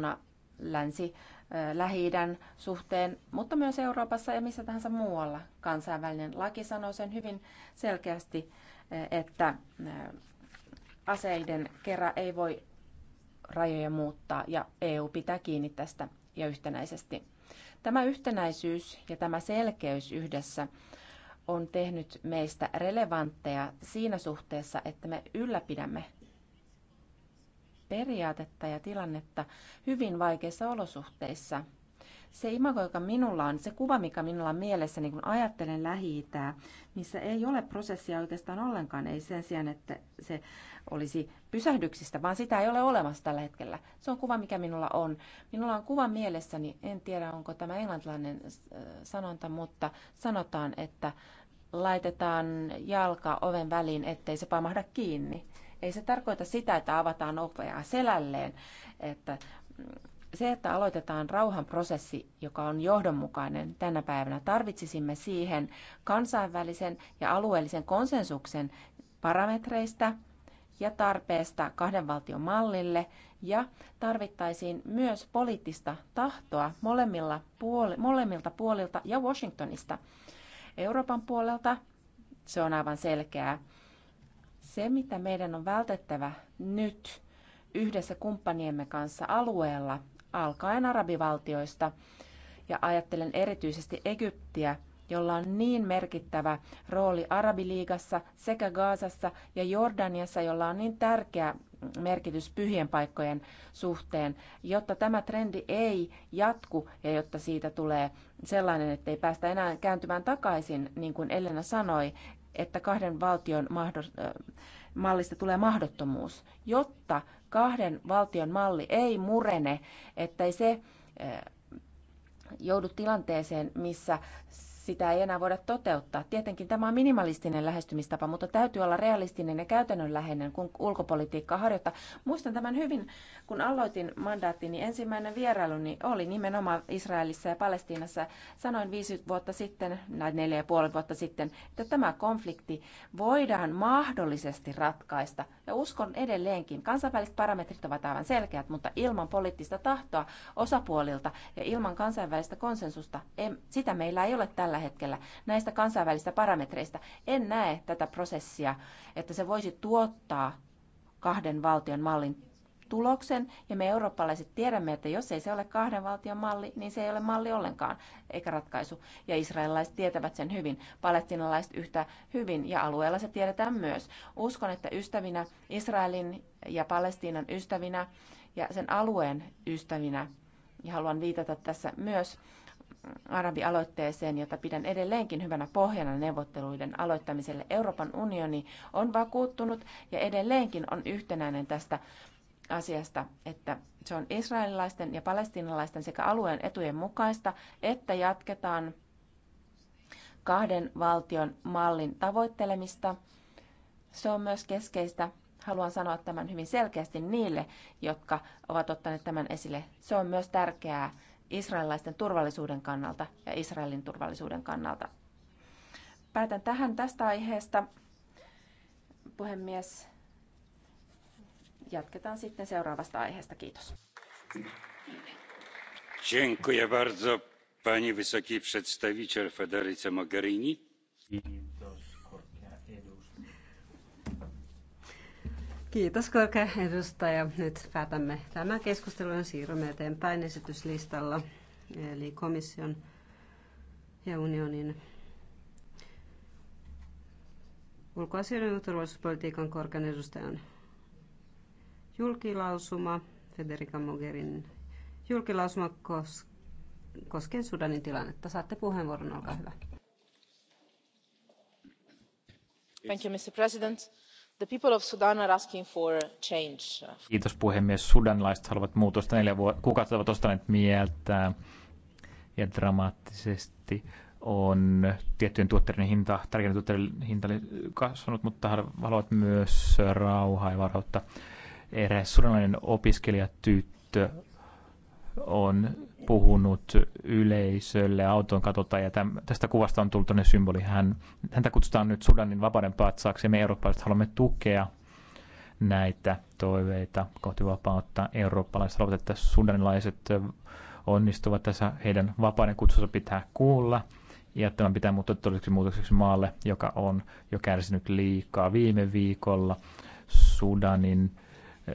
verrattuna länsi lähi suhteen, mutta myös Euroopassa ja missä tahansa muualla. Kansainvälinen laki sanoo sen hyvin selkeästi, että aseiden kerä ei voi rajoja muuttaa ja EU pitää kiinni tästä ja yhtenäisesti. Tämä yhtenäisyys ja tämä selkeys yhdessä on tehnyt meistä relevantteja siinä suhteessa, että me ylläpidämme periaatetta ja tilannetta hyvin vaikeissa olosuhteissa. Se imago, joka minulla on, se kuva, mikä minulla on mielessä, niin kun ajattelen lähi missä ei ole prosessia oikeastaan ollenkaan, ei sen sijaan, että se olisi pysähdyksistä, vaan sitä ei ole olemassa tällä hetkellä. Se on kuva, mikä minulla on. Minulla on kuva mielessäni, en tiedä onko tämä englantilainen äh, sanonta, mutta sanotaan, että laitetaan jalka oven väliin, ettei se pamahda kiinni. Ei se tarkoita sitä, että avataan ovea selälleen, että se, että aloitetaan rauhanprosessi, joka on johdonmukainen tänä päivänä, tarvitsisimme siihen kansainvälisen ja alueellisen konsensuksen parametreista ja tarpeesta kahden valtion mallille ja tarvittaisiin myös poliittista tahtoa molemmilla puoli, molemmilta puolilta ja Washingtonista. Euroopan puolelta se on aivan selkeää. Se, mitä meidän on vältettävä nyt yhdessä kumppaniemme kanssa alueella, alkaen arabivaltioista, ja ajattelen erityisesti Egyptiä, jolla on niin merkittävä rooli Arabiliigassa sekä Gaasassa ja Jordaniassa, jolla on niin tärkeä merkitys pyhien paikkojen suhteen, jotta tämä trendi ei jatku ja jotta siitä tulee sellainen, että ei päästä enää kääntymään takaisin, niin kuin Elena sanoi, että kahden valtion mallista tulee mahdottomuus, jotta kahden valtion malli ei murene, ei se joudu tilanteeseen, missä sitä ei enää voida toteuttaa. Tietenkin tämä on minimalistinen lähestymistapa, mutta täytyy olla realistinen ja käytännönläheinen, kun ulkopolitiikkaa harjoittaa. Muistan tämän hyvin, kun aloitin mandaattini ensimmäinen vierailuni oli nimenomaan Israelissa ja Palestiinassa. Sanoin viisi vuotta sitten, näin neljä ja puoli vuotta sitten, että tämä konflikti voidaan mahdollisesti ratkaista. Ja uskon edelleenkin, kansainväliset parametrit ovat aivan selkeät, mutta ilman poliittista tahtoa osapuolilta ja ilman kansainvälistä konsensusta, sitä meillä ei ole tällä tällä hetkellä näistä kansainvälistä parametreista. En näe tätä prosessia, että se voisi tuottaa kahden valtion mallin tuloksen, ja me eurooppalaiset tiedämme, että jos ei se ole kahden valtion malli, niin se ei ole malli ollenkaan, eikä ratkaisu. Ja israelilaiset tietävät sen hyvin, palestinalaiset yhtä hyvin, ja alueella se tiedetään myös. Uskon, että ystävinä, Israelin ja Palestiinan ystävinä ja sen alueen ystävinä, ja haluan viitata tässä myös arabialoitteeseen, jota pidän edelleenkin hyvänä pohjana neuvotteluiden aloittamiselle. Euroopan unioni on vakuuttunut ja edelleenkin on yhtenäinen tästä asiasta, että se on israelilaisten ja palestinalaisten sekä alueen etujen mukaista, että jatketaan kahden valtion mallin tavoittelemista. Se on myös keskeistä haluan sanoa tämän hyvin selkeästi niille, jotka ovat ottaneet tämän esille. Se on myös tärkeää israelilaisten turvallisuuden kannalta ja Israelin turvallisuuden kannalta. Päätän tähän tästä aiheesta. Puhemies, jatketaan sitten seuraavasta aiheesta. Kiitos. Dziękuję bardzo pani wysoki przedstawiciel Federica Mogherini. Kiitos korkea edustaja. Nyt päätämme tämän keskustelun ja siirrymme eteenpäin esityslistalla, eli komission ja unionin ulkoasioiden ja turvallisuuspolitiikan korkean edustajan julkilausuma, Federica Mogherin julkilausuma kos- koskien Sudanin tilannetta. Saatte puheenvuoron, olkaa hyvä. Thank you, Mr. President Kiitos puhemies. Sudanilaiset haluavat muutosta. Neljä vuotta kuukausi ovat ostaneet mieltä ja dramaattisesti on tiettyjen tuotteiden hinta, tärkeiden tuotteiden hinta kasvanut, mutta haluavat myös rauhaa ja varautta. Eräs sudanilainen opiskelijatyttö on puhunut yleisölle auton katolta ja täm, tästä kuvasta on tullut tuonne symboli. Hän, häntä kutsutaan nyt Sudanin vapauden patsaaksi ja me eurooppalaiset haluamme tukea näitä toiveita kohti vapautta. Eurooppalaiset haluavat, että sudanilaiset onnistuvat tässä heidän vapauden kutsussa pitää kuulla ja tämä pitää muuttaa todelliseksi muutokseksi maalle, joka on jo kärsinyt liikaa viime viikolla. Sudanin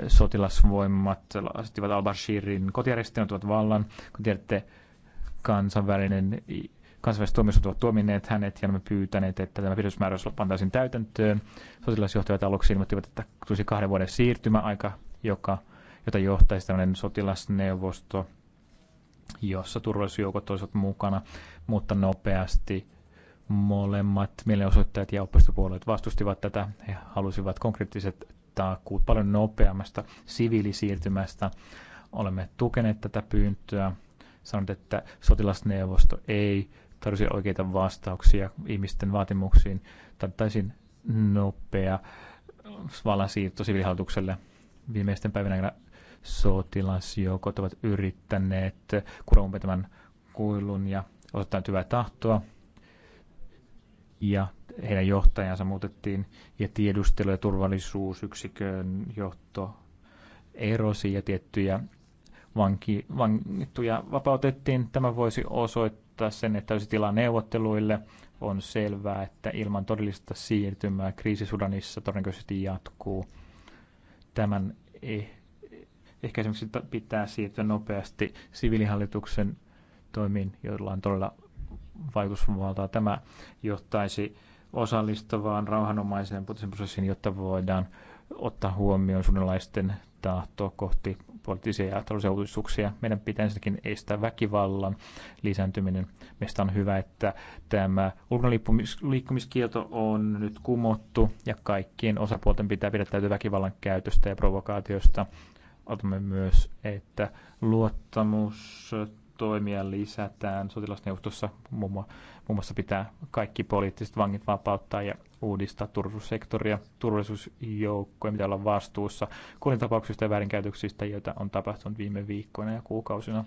sotilasvoimat asettivat al-Bashirin kotijärjestelmät ottivat vallan. Kun tiedätte, kansainvälinen, kansainväliset tuomioistuimet ovat tuomineet hänet ja me pyytäneet, että tämä pidätysmääräys pantaisiin täytäntöön. Sotilasjohtajat aluksi ilmoittivat, että tulisi kahden vuoden siirtymäaika, joka, jota johtaisi tämmöinen sotilasneuvosto, jossa turvallisuusjoukot olisivat mukana, mutta nopeasti molemmat mielenosoittajat ja oppistopuolueet vastustivat tätä. He halusivat konkreettiset kuin paljon nopeammasta siviilisiirtymästä. Olemme tukeneet tätä pyyntöä, sanonut, että sotilasneuvosto ei tarvitse oikeita vastauksia ihmisten vaatimuksiin. Tarvittaisiin nopea vallansiirto siviilihallitukselle viimeisten aikana sotilasjoukot ovat yrittäneet kuromaan tämän kuilun ja osoittaa hyvää tahtoa. Ja heidän johtajansa muutettiin ja tiedustelu- ja turvallisuusyksikön johto erosi ja tiettyjä vanki, vankittuja vapautettiin. Tämä voisi osoittaa sen, että olisi tilaa neuvotteluille. On selvää, että ilman todellista siirtymää kriisi Sudanissa todennäköisesti jatkuu. Tämän eh, ehkä esimerkiksi pitää siirtyä nopeasti siviilihallituksen toimiin, joilla on todella vaikutusvaltaa. Tämä johtaisi osallistavaan rauhanomaiseen poliittisen prosessiin, jotta voidaan ottaa huomioon suunnilaisten tahto kohti poliittisia ja taloudellisia uudistuksia. Meidän pitää ensinnäkin estää väkivallan lisääntyminen. Meistä on hyvä, että tämä ulkonaliikkumiskielto on nyt kumottu ja kaikkien osapuolten pitää pidättäytyä väkivallan käytöstä ja provokaatiosta. Otamme myös, että luottamus toimia lisätään sotilasneuvostossa. Muun muassa pitää kaikki poliittiset vangit vapauttaa ja uudistaa turvallisuussektoria, turvallisuusjoukkoja, mitä ollaan vastuussa kuolintapauksista ja väärinkäytöksistä, joita on tapahtunut viime viikkoina ja kuukausina.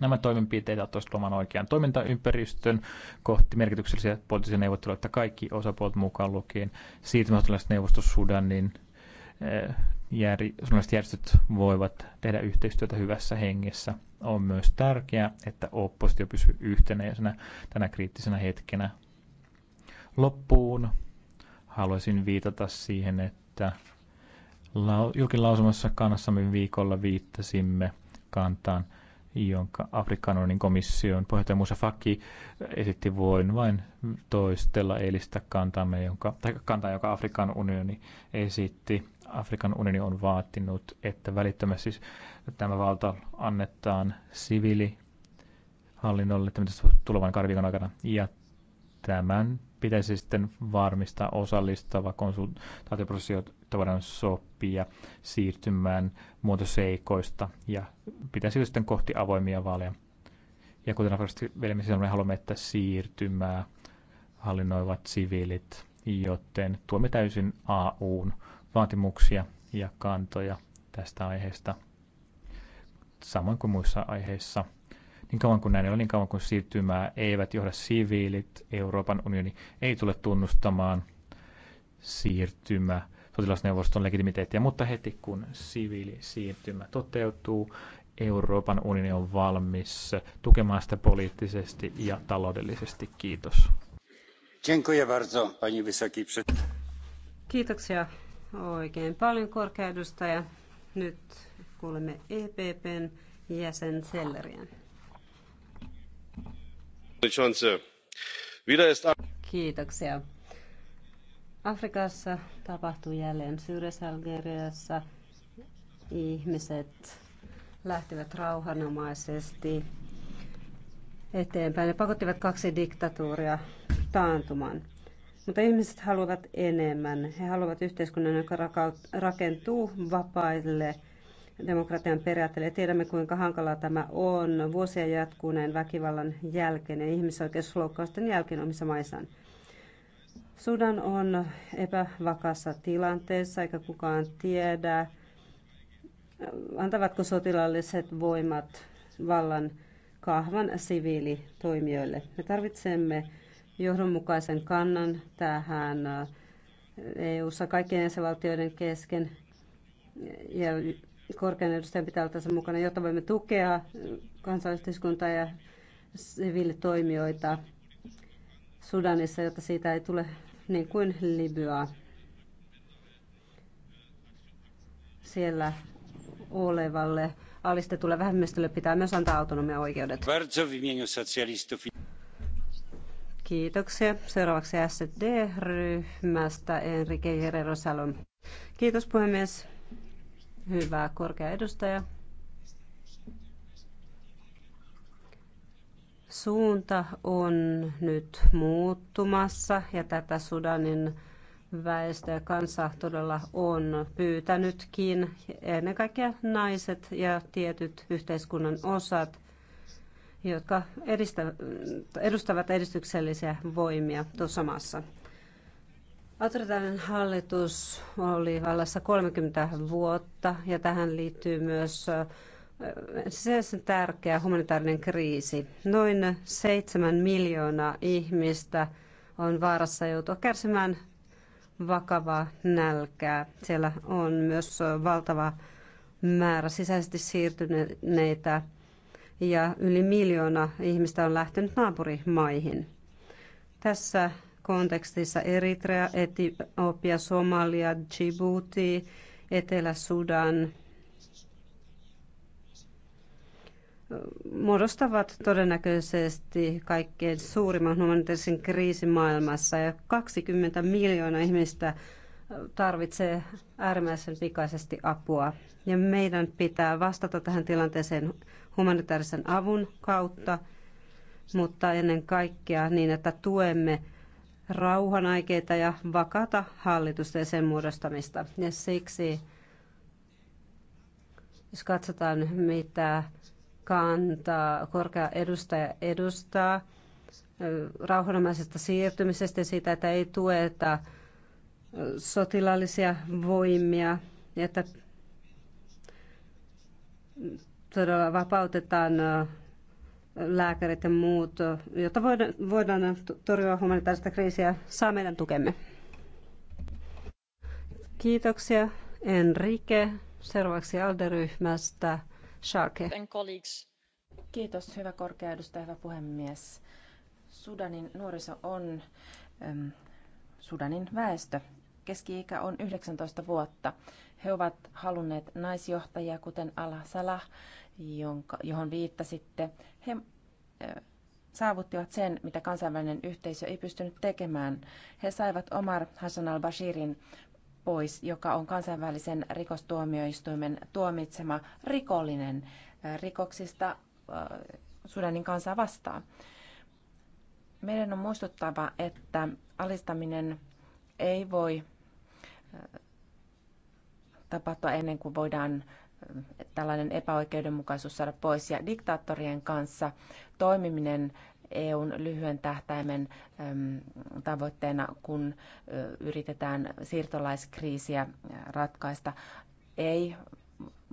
Nämä toimenpiteet ottaisivat luomaan oikean toimintaympäristön kohti merkityksellisiä poliittisia neuvotteluita kaikki osapuolet mukaan lukien siirtymäsotilasneuvosto Sudanin eh, suomalaiset järjestöt voivat tehdä yhteistyötä hyvässä hengessä. On myös tärkeää, että oppositio pysyy yhtenäisenä tänä kriittisenä hetkenä. Loppuun haluaisin viitata siihen, että julkilausumassa kannassamme viikolla viittasimme kantaan, jonka Afrikan unionin komission puheenjohtaja Musa Faki esitti voin vain toistella eilistä kantaa jonka, tai kantaa, joka Afrikan unioni esitti Afrikan unioni on vaatinut, että välittömästi siis tämä valta annetaan siviilihallinnolle tulevan kahden aikana. Ja tämän pitäisi sitten varmistaa osallistava konsultaatioprosessi, jotta voidaan sopia siirtymään muotoseikoista ja pitäisi sitten kohti avoimia vaaleja. Ja kuten velmissä me haluamme, että siirtymää hallinnoivat siviilit, joten tuomme täysin AUn vaatimuksia ja kantoja tästä aiheesta, samoin kuin muissa aiheissa. Niin kauan kuin näin on, niin kauan kuin siirtymää eivät johda siviilit, Euroopan unioni ei tule tunnustamaan siirtymä sotilasneuvoston legitimiteettiä, mutta heti kun siviilisiirtymä toteutuu, Euroopan unioni on valmis tukemaan sitä poliittisesti ja taloudellisesti. Kiitos. Kiitoksia Oikein paljon korkea edustaja. Nyt kuulemme EPPn jäsen Selleriä. Kiitoksia. Afrikassa tapahtuu jälleen syrjässä Algeriassa. Ihmiset lähtivät rauhanomaisesti eteenpäin ja pakottivat kaksi diktatuuria taantumaan. Mutta ihmiset haluavat enemmän. He haluavat yhteiskunnan, joka rakentuu vapaille demokratian periaatteille. Tiedämme, kuinka hankalaa tämä on vuosia jatkuneen väkivallan jälkeen ja ihmisoikeusloukkausten jälkeen omissa maissaan. Sudan on epävakassa tilanteessa, eikä kukaan tiedä, antavatko sotilaalliset voimat vallan kahvan siviilitoimijoille. Me tarvitsemme johdonmukaisen kannan tähän äh, EU-ssa kaikkien jäsenvaltioiden kesken ja korkean edustajan pitää olla tässä mukana, jotta voimme tukea äh, kansalaisyhteiskuntaa ja siviilitoimijoita Sudanissa, jotta siitä ei tule niin kuin Libyaa. Siellä olevalle alistetulle vähemmistölle pitää myös antaa autonomia oikeudet. Kiitoksia. Seuraavaksi SD-ryhmästä Enrique Herrero Salom. Kiitos puhemies. Hyvä korkea edustaja. Suunta on nyt muuttumassa ja tätä Sudanin väestö ja kansa todella on pyytänytkin. Ennen kaikkea naiset ja tietyt yhteiskunnan osat jotka edustavat edistyksellisiä voimia tuossa maassa. Autoritaarinen hallitus oli vallassa 30 vuotta ja tähän liittyy myös sisäisen tärkeä humanitaarinen kriisi. Noin 7 miljoonaa ihmistä on vaarassa joutua kärsimään vakavaa nälkää. Siellä on myös valtava määrä sisäisesti siirtyneitä ja yli miljoona ihmistä on lähtenyt naapurimaihin. Tässä kontekstissa Eritrea, Etiopia, Somalia, Djibouti, Etelä-Sudan muodostavat todennäköisesti kaikkein suurimman humanitaarisen kriisin maailmassa ja 20 miljoonaa ihmistä tarvitsee äärimmäisen pikaisesti apua. Ja meidän pitää vastata tähän tilanteeseen humanitaarisen avun kautta, mutta ennen kaikkea niin, että tuemme rauhanaikeita ja vakata hallitusta ja sen muodostamista. Ja siksi, jos katsotaan, mitä kantaa korkea edustaja edustaa, rauhanomaisesta siirtymisestä ja siitä, että ei tueta sotilaallisia voimia, että todella vapautetaan lääkärit ja muut, jotta voidaan torjua humanitaarista kriisiä, saa meidän tukemme. Kiitoksia Enrique. Seuraavaksi Alderyhmästä Shake. Kiitos, hyvä korkea edustaja, hyvä puhemies. Sudanin nuoriso on äm, Sudanin väestö keski-ikä on 19 vuotta. He ovat halunneet naisjohtajia, kuten Ala Salah, jonka, johon viittasitte. He saavuttivat sen, mitä kansainvälinen yhteisö ei pystynyt tekemään. He saivat Omar Hassan al-Bashirin pois, joka on kansainvälisen rikostuomioistuimen tuomitsema rikollinen rikoksista Sudanin kansaa vastaan. Meidän on muistuttava, että alistaminen ei voi tapahtua ennen kuin voidaan eh, tällainen epäoikeudenmukaisuus saada pois. Ja diktaattorien kanssa toimiminen EUn lyhyen tähtäimen tavoitteena, kun eh, yritetään siirtolaiskriisiä eh, ratkaista, ei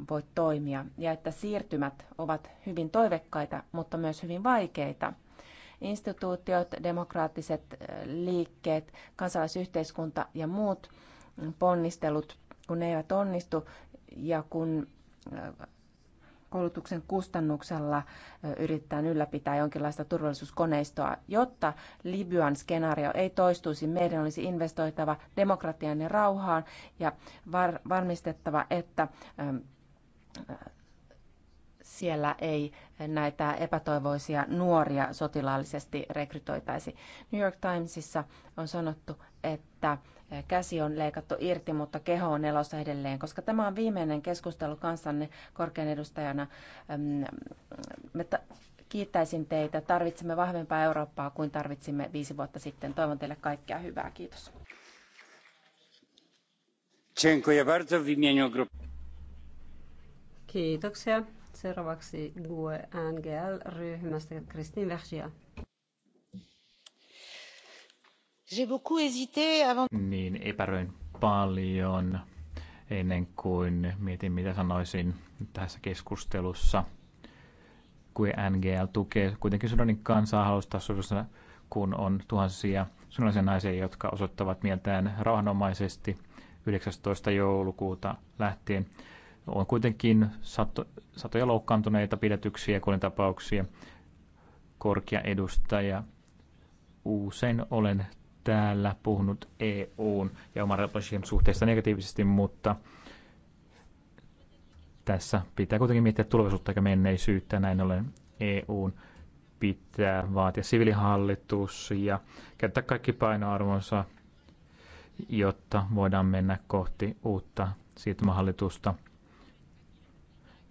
voi toimia. Ja että siirtymät ovat hyvin toivekkaita, mutta myös hyvin vaikeita. Instituutiot, demokraattiset liikkeet, kansalaisyhteiskunta ja muut – ponnistelut, kun ne eivät onnistu ja kun koulutuksen kustannuksella yritetään ylläpitää jonkinlaista turvallisuuskoneistoa. Jotta Libyan skenaario ei toistuisi, meidän olisi investoitava demokratian ja rauhaan ja var- varmistettava, että siellä ei näitä epätoivoisia nuoria sotilaallisesti rekrytoitaisi. New York Timesissa on sanottu, että käsi on leikattu irti, mutta keho on elossa edelleen, koska tämä on viimeinen keskustelu kanssanne korkean edustajana. Me kiittäisin teitä. Tarvitsemme vahvempaa Eurooppaa kuin tarvitsimme viisi vuotta sitten. Toivon teille kaikkea hyvää. Kiitos. Kiitoksia. Seuraavaksi GUE NGL-ryhmästä Kristin Vergia. Niin epäröin paljon ennen kuin mietin, mitä sanoisin tässä keskustelussa. Kun NGL tukee kuitenkin Sudanin kansaa halusta sodassa, kun on tuhansia sunnallisia naisia, jotka osoittavat mieltään rauhanomaisesti 19. joulukuuta lähtien. On kuitenkin sato, satoja loukkaantuneita pidätyksiä ja tapauksia. Korkea edustaja. Usein olen täällä puhunut EUn ja oman suhteesta negatiivisesti, mutta tässä pitää kuitenkin miettiä tulevaisuutta eikä menneisyyttä. Näin ollen EUn pitää vaatia sivilihallitus ja käyttää kaikki painoarvonsa, jotta voidaan mennä kohti uutta siirtymähallitusta.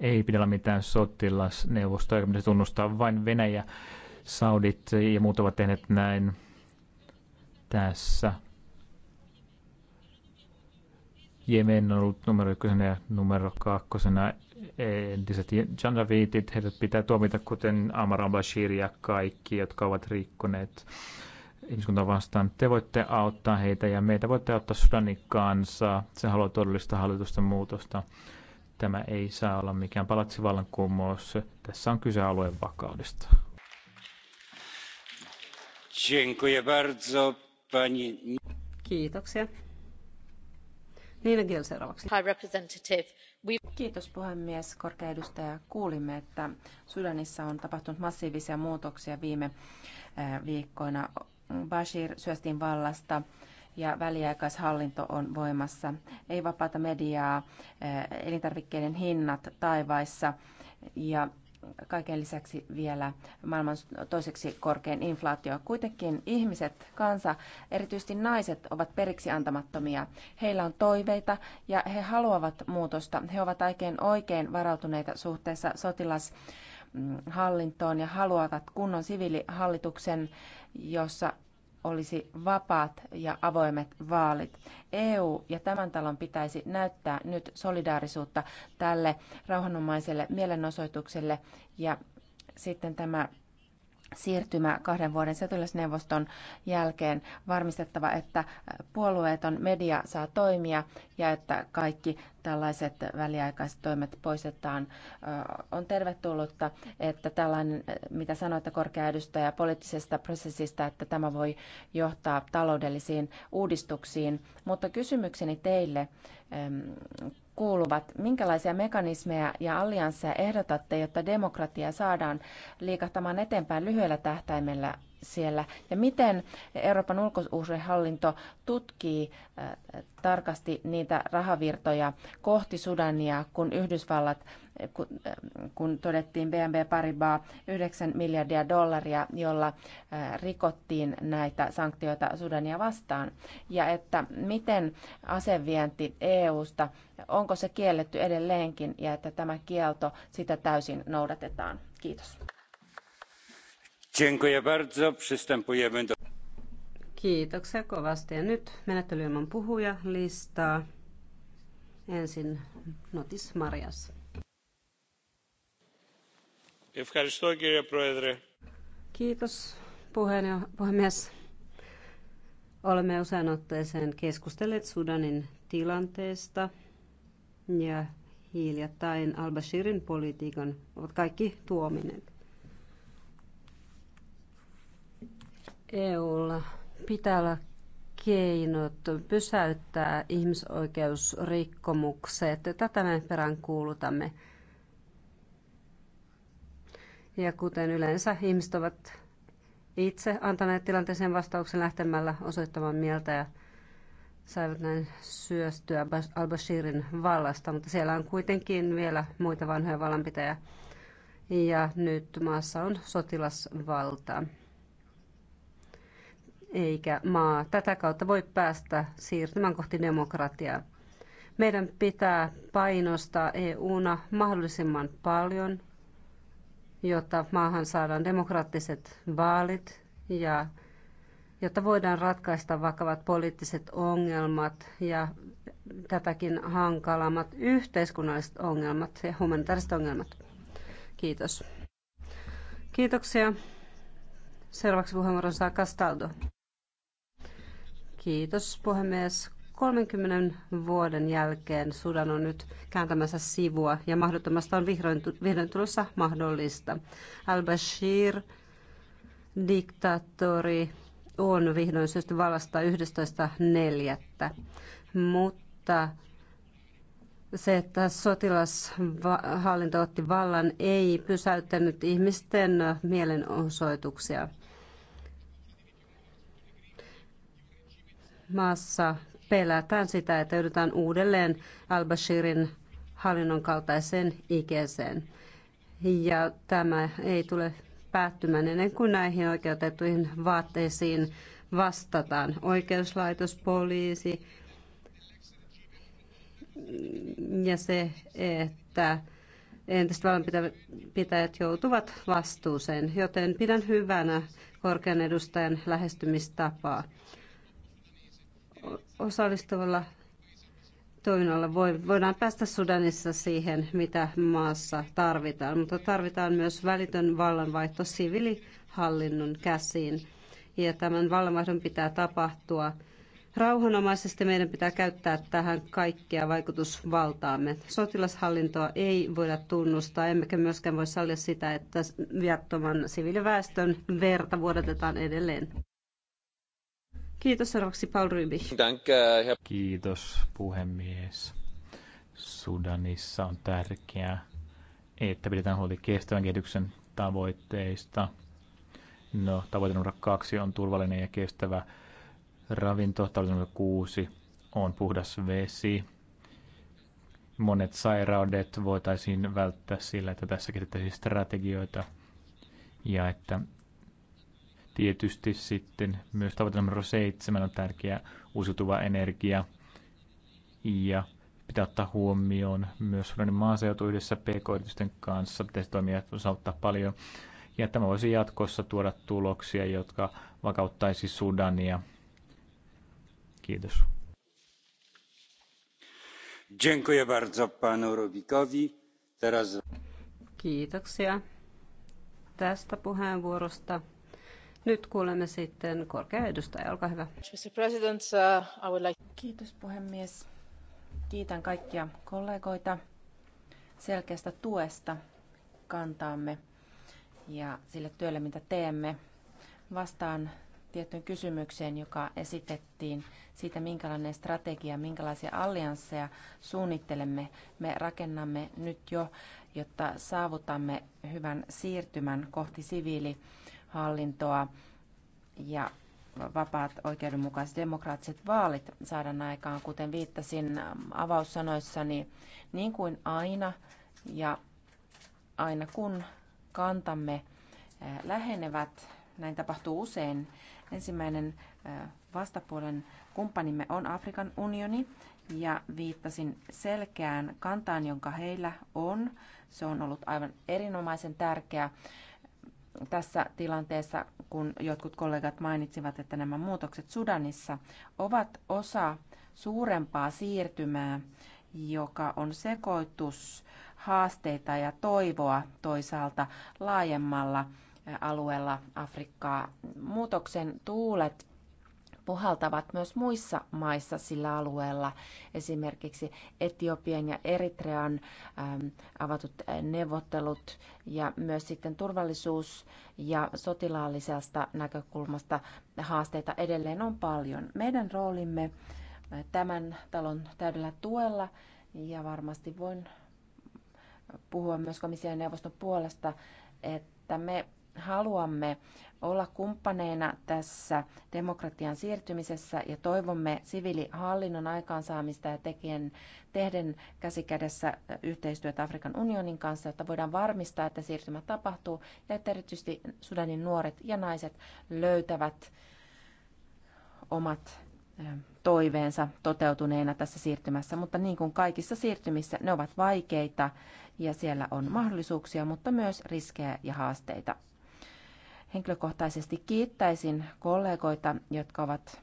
Ei pidä olla mitään sotilasneuvostoa, joka pitäisi tunnustaa vain Venäjä. Saudit ja muut ovat tehneet näin tässä. Jemen on ollut numero ykkösenä ja numero kakkosena entiset janjaviitit. Heidät pitää tuomita, kuten Amar al-Bashir ja kaikki, jotka ovat rikkoneet ihmiskuntaa vastaan. Te voitte auttaa heitä ja meitä voitte auttaa Sudanin kanssa. Se haluaa todellista hallitusta muutosta. Tämä ei saa olla mikään palatsivallankumous. Tässä on kyse alueen vakaudesta. Dziękuję bardzo Kiitoksia. Kiitos puhemies. Korkea edustaja, kuulimme, että Sudanissa on tapahtunut massiivisia muutoksia viime eh, viikkoina. Bashir syöstiin vallasta ja väliaikaishallinto on voimassa. Ei vapaata mediaa, eh, elintarvikkeiden hinnat taivaissa ja kaiken lisäksi vielä maailman toiseksi korkein inflaatio. Kuitenkin ihmiset, kansa, erityisesti naiset, ovat periksi antamattomia. Heillä on toiveita ja he haluavat muutosta. He ovat aikein oikein varautuneita suhteessa sotilas hallintoon ja haluavat kunnon siviilihallituksen, jossa olisi vapaat ja avoimet vaalit. EU ja tämän talon pitäisi näyttää nyt solidaarisuutta tälle rauhanomaiselle mielenosoitukselle ja sitten tämä siirtymä kahden vuoden sotilasneuvoston jälkeen varmistettava, että puolueeton media saa toimia ja että kaikki tällaiset väliaikaiset toimet poistetaan. On tervetullutta, että tällainen, mitä sanoitte korkea edustaja poliittisesta prosessista, että tämä voi johtaa taloudellisiin uudistuksiin. Mutta kysymykseni teille kuuluvat. Minkälaisia mekanismeja ja alliansseja ehdotatte, jotta demokratia saadaan liikahtamaan eteenpäin lyhyellä tähtäimellä siellä ja miten Euroopan ulkosuhdehallinto tutkii äh, tarkasti niitä rahavirtoja kohti Sudania, kun Yhdysvallat, äh, äh, kun todettiin BNB Paribas 9 miljardia dollaria, jolla rikottiin näitä sanktioita Sudania vastaan. Ja että miten asevienti EUsta, onko se kielletty edelleenkin ja että tämä kielto sitä täysin noudatetaan. Kiitos. Kiitoksia kovasti. Ja nyt menettely ilman puhuja listaa. Ensin Notis Marias. Kiitos puhemies. Olemme usein otteeseen keskustelleet Sudanin tilanteesta ja hiljattain al-Bashirin politiikan ovat kaikki tuomineet. EUlla pitää olla keinot pysäyttää ihmisoikeusrikkomukset. Tätä me peräänkuulutamme. Ja kuten yleensä, ihmiset ovat itse antaneet tilanteeseen vastauksen lähtemällä osoittamaan mieltä ja saivat näin syöstyä al-Bashirin vallasta, mutta siellä on kuitenkin vielä muita vanhoja vallanpitäjä ja nyt maassa on sotilasvalta eikä maa. Tätä kautta voi päästä siirtymään kohti demokratiaa. Meidän pitää painostaa EUna mahdollisimman paljon, jotta maahan saadaan demokraattiset vaalit ja jotta voidaan ratkaista vakavat poliittiset ongelmat ja tätäkin hankalammat yhteiskunnalliset ongelmat ja humanitaariset ongelmat. Kiitos. Kiitoksia. Seuraavaksi puheenvuoron saa Castaldo. Kiitos puhemies. 30 vuoden jälkeen Sudan on nyt kääntämässä sivua ja mahdottomasta on vihdoin, vihdoin tulossa mahdollista. Al-Bashir, diktaattori, on vihdoin syystä vallasta 11.4. Mutta se, että sotilashallinto otti vallan, ei pysäyttänyt ihmisten mielenosoituksia – maassa pelätään sitä, että joudutaan uudelleen al-Bashirin hallinnon kaltaiseen ikeeseen. Ja tämä ei tule päättymään ennen kuin näihin oikeutettuihin vaatteisiin vastataan. Oikeuslaitos, poliisi ja se, että entistä valonpitäjät joutuvat vastuuseen, joten pidän hyvänä korkean edustajan lähestymistapaa osallistuvalla toiminnalla voidaan päästä Sudanissa siihen, mitä maassa tarvitaan, mutta tarvitaan myös välitön vallanvaihto siviilihallinnon käsiin. Ja tämän vallanvaihdon pitää tapahtua rauhanomaisesti. Meidän pitää käyttää tähän kaikkia vaikutusvaltaamme. Sotilashallintoa ei voida tunnustaa, emmekä myöskään voi sallia sitä, että viattoman siviiliväestön verta vuodatetaan edelleen. Kiitos seuraavaksi Paul Ryby. Kiitos puhemies. Sudanissa on tärkeää, että pidetään huolta kestävän kehityksen tavoitteista. No, tavoite numero kaksi on turvallinen ja kestävä ravinto. Tavoite numero kuusi on puhdas vesi. Monet sairaudet voitaisiin välttää sillä, että tässä kehitettäisiin strategioita ja että Tietysti sitten myös tavoite numero seitsemän on tärkeä uusiutuva energia ja pitää ottaa huomioon myös maaseutu yhdessä pk-yritysten kanssa, pitäisi toimia auttaa paljon. Ja tämä voisi jatkossa tuoda tuloksia, jotka vakauttaisi Sudania. Kiitos. Dziękuję bardzo panu Rubikowi. Teraz... Kiitoksia tästä puheenvuorosta. Nyt kuulemme sitten korkea edustaja, olkaa hyvä. Uh, Kiitos puhemies. Kiitän kaikkia kollegoita selkeästä tuesta kantaamme ja sille työlle, mitä teemme. Vastaan tiettyyn kysymykseen, joka esitettiin siitä, minkälainen strategia, minkälaisia alliansseja suunnittelemme. Me rakennamme nyt jo, jotta saavutamme hyvän siirtymän kohti siviili hallintoa ja vapaat, oikeudenmukaiset, demokraattiset vaalit saadaan aikaan. Kuten viittasin avaussanoissani, niin kuin aina ja aina kun kantamme eh, lähenevät, näin tapahtuu usein, ensimmäinen eh, vastapuolen kumppanimme on Afrikan unioni ja viittasin selkeään kantaan, jonka heillä on. Se on ollut aivan erinomaisen tärkeä tässä tilanteessa, kun jotkut kollegat mainitsivat, että nämä muutokset Sudanissa ovat osa suurempaa siirtymää, joka on sekoitus haasteita ja toivoa toisaalta laajemmalla alueella Afrikkaa. Muutoksen tuulet puhaltavat myös muissa maissa sillä alueella. Esimerkiksi Etiopian ja Eritrean avatut neuvottelut ja myös sitten turvallisuus- ja sotilaallisesta näkökulmasta haasteita edelleen on paljon. Meidän roolimme tämän talon täydellä tuella ja varmasti voin puhua myös komission neuvoston puolesta, että me haluamme olla kumppaneina tässä demokratian siirtymisessä ja toivomme siviilihallinnon aikaansaamista ja tekien, tehden käsikädessä yhteistyötä Afrikan unionin kanssa, jotta voidaan varmistaa, että siirtymä tapahtuu ja että erityisesti Sudanin nuoret ja naiset löytävät omat toiveensa toteutuneena tässä siirtymässä, mutta niin kuin kaikissa siirtymissä, ne ovat vaikeita ja siellä on mahdollisuuksia, mutta myös riskejä ja haasteita. Henkilökohtaisesti kiittäisin kollegoita, jotka ovat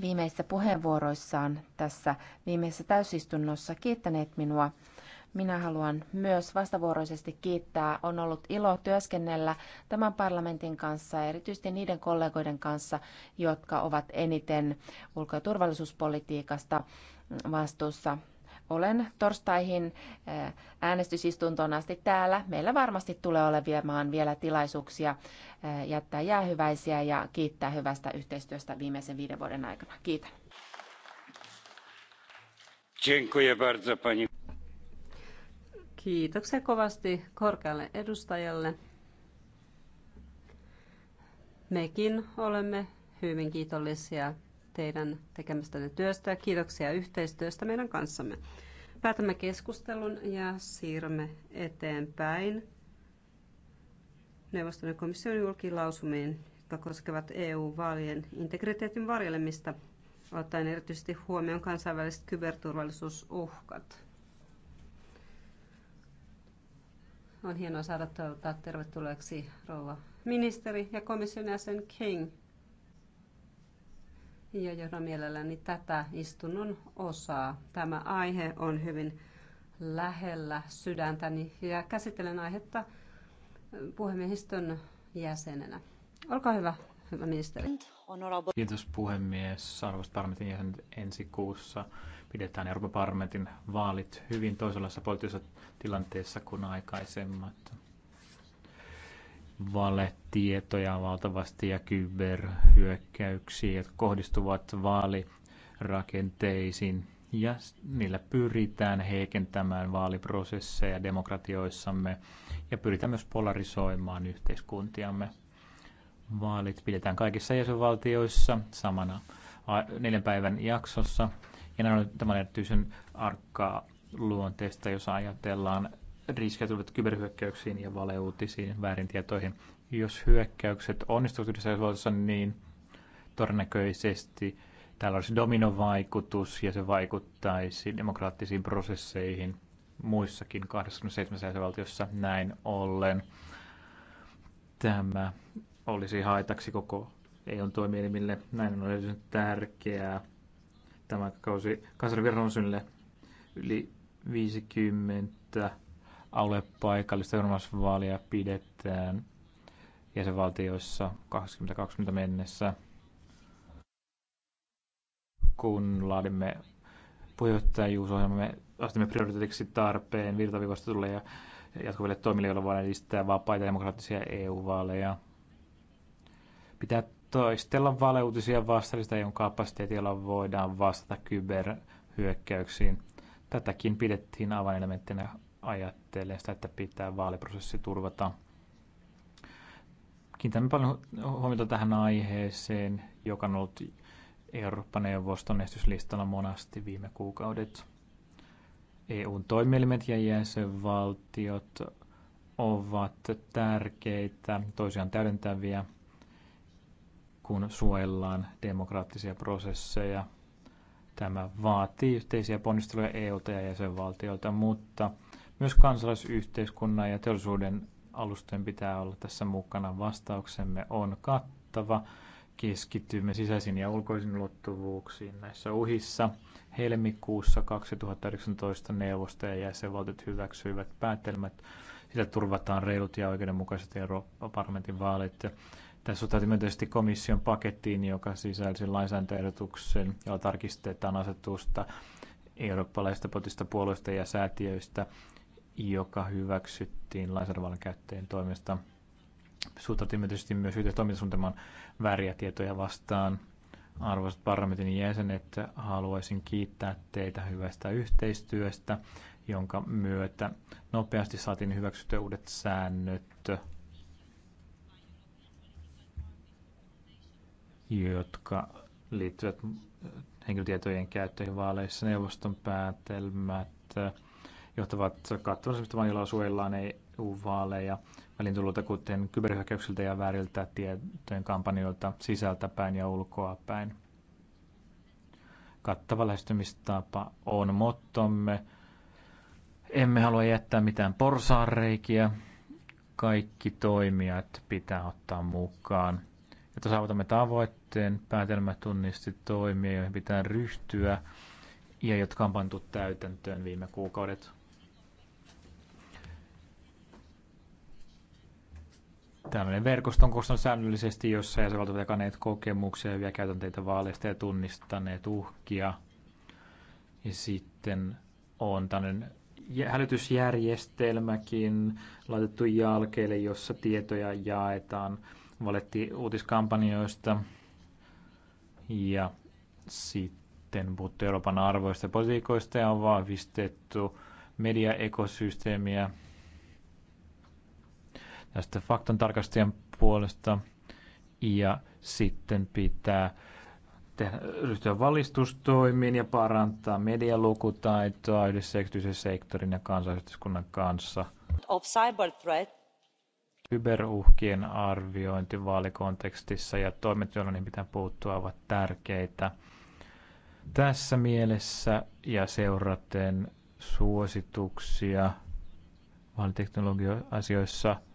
viimeisissä puheenvuoroissaan tässä viimeisessä täysistunnossa kiittäneet minua. Minä haluan myös vastavuoroisesti kiittää. On ollut ilo työskennellä tämän parlamentin kanssa ja erityisesti niiden kollegoiden kanssa, jotka ovat eniten ulko- ja turvallisuuspolitiikasta vastuussa olen torstaihin eh, äänestysistuntoon asti täällä. Meillä varmasti tulee olemaan vielä tilaisuuksia eh, jättää jäähyväisiä ja kiittää hyvästä yhteistyöstä viimeisen viiden vuoden aikana. Kiitän. Kiitoksia kovasti korkealle edustajalle. Mekin olemme hyvin kiitollisia teidän tekemästänne työstä ja kiitoksia yhteistyöstä meidän kanssamme. Päätämme keskustelun ja siirrymme eteenpäin neuvoston ja komission julkilausumiin, jotka koskevat EU-vaalien integriteetin varjelemista, ottaen erityisesti huomioon kansainväliset kyberturvallisuusuhkat. On hienoa saada toivottaa tervetulleeksi rouva ministeri ja komission jäsen King ja johdan mielelläni tätä istunnon osaa. Tämä aihe on hyvin lähellä sydäntäni ja käsittelen aihetta puhemiehistön jäsenenä. Olkaa hyvä, hyvä ministeri. Kiitos puhemies. Arvoisat parlamentin jäsenet ensi kuussa pidetään Euroopan parlamentin vaalit hyvin toisenlaisessa poliittisessa tilanteessa kuin aikaisemmat valetietoja valtavasti ja kyberhyökkäyksiä, jotka kohdistuvat vaalirakenteisiin ja niillä pyritään heikentämään vaaliprosesseja demokratioissamme ja pyritään myös polarisoimaan yhteiskuntiamme. Vaalit pidetään kaikissa jäsenvaltioissa samana neljän päivän jaksossa ja näin on, tämä erityisen arkkaa luonteesta, jos ajatellaan riskejä tulevat kyberhyökkäyksiin ja valeuutisiin, väärintietoihin. Jos hyökkäykset onnistuvat Yhdysvalloissa, niin todennäköisesti täällä olisi dominovaikutus ja se vaikuttaisi demokraattisiin prosesseihin muissakin 27 jäsenvaltiossa näin ollen. Tämä olisi haitaksi koko EUn toimielimille. Näin on erityisen tärkeää tämä kausi kansanviranomaisille yli 50 aluepaikallista seuraavasvaalia pidetään jäsenvaltioissa 2020 mennessä, kun laadimme puheenjohtajuusohjelmamme, astamme prioriteetiksi tarpeen virtavivastetulle ja jatkuville toimille, joilla voidaan edistää vapaita demokraattisia EU-vaaleja. Pitää toistella valeuutisia vastaavista EUn kapasiteetilla voidaan vastata kyberhyökkäyksiin. Tätäkin pidettiin avainelementtinä ajattelee sitä, että pitää vaaliprosessi turvata. Kiinnitämme paljon huomiota tähän aiheeseen, joka on ollut Eurooppa-neuvoston estyslistalla monasti viime kuukaudet. EUn toimielimet ja jäsenvaltiot ovat tärkeitä, toisiaan täydentäviä, kun suojellaan demokraattisia prosesseja. Tämä vaatii yhteisiä ponnisteluja EUlta ja jäsenvaltioilta, mutta myös kansalaisyhteiskunnan ja teollisuuden alusten pitää olla tässä mukana. Vastauksemme on kattava. keskittyimme sisäisiin ja ulkoisiin ulottuvuuksiin näissä uhissa. Helmikuussa 2019 neuvosto ja jäsenvaltiot hyväksyivät päätelmät. Sillä turvataan reilut ja oikeudenmukaiset Euroopan parlamentin vaalit. Tässä suhtautui myönteisesti komission pakettiin, joka sisälsi lainsäädäntöehdotuksen, jolla tarkistetaan asetusta eurooppalaisista potista puolueista ja säätiöistä joka hyväksyttiin lainsäädännön käyttäjien toimesta. Suhtautimme tietysti myös yhteistoimintasuunnitelman väriä tietoja vastaan. Arvoisat parlamentin jäsenet, haluaisin kiittää teitä hyvästä yhteistyöstä, jonka myötä nopeasti saatiin hyväksyttyä uudet säännöt, jotka liittyvät henkilötietojen käyttöön vaaleissa neuvoston päätelmät johtavat kattavan vaan, jolla suojellaan EU-vaaleja tullut kuten kyberhyökkäyksiltä ja vääriltä tietojen kampanjoilta sisältäpäin ja ulkoapäin. Kattava lähestymistapa on mottomme. Emme halua jättää mitään porsaanreikiä. Kaikki toimijat pitää ottaa mukaan. Jotta saavutamme tavoitteen, päätelmä tunnisti toimia, joihin pitää ryhtyä ja jotka on pantu täytäntöön viime kuukaudet. Tällainen verkosto on koostunut säännöllisesti, jossa jäsenvaltiot ovat jakaneet kokemuksia, hyviä käytänteitä vaaleista ja tunnistaneet uhkia. Ja sitten on tällainen hälytysjärjestelmäkin laitettu jalkeille, jossa tietoja jaetaan Valetti uutiskampanjoista ja sitten puhuttu Euroopan arvoista ja politiikoista ja on vahvistettu mediaekosysteemiä ja sitten faktan puolesta. Ja sitten pitää tehdä, ryhtyä valistustoimiin ja parantaa medialukutaitoa yhdessä yksityisen sektorin ja kansalaisyhteiskunnan kanssa. Of cyber threat. Kyberuhkien arviointi vaalikontekstissa ja toimet, joilla niihin pitää puuttua, ovat tärkeitä. Tässä mielessä ja seuraten suosituksia vaaliteknologia-asioissa –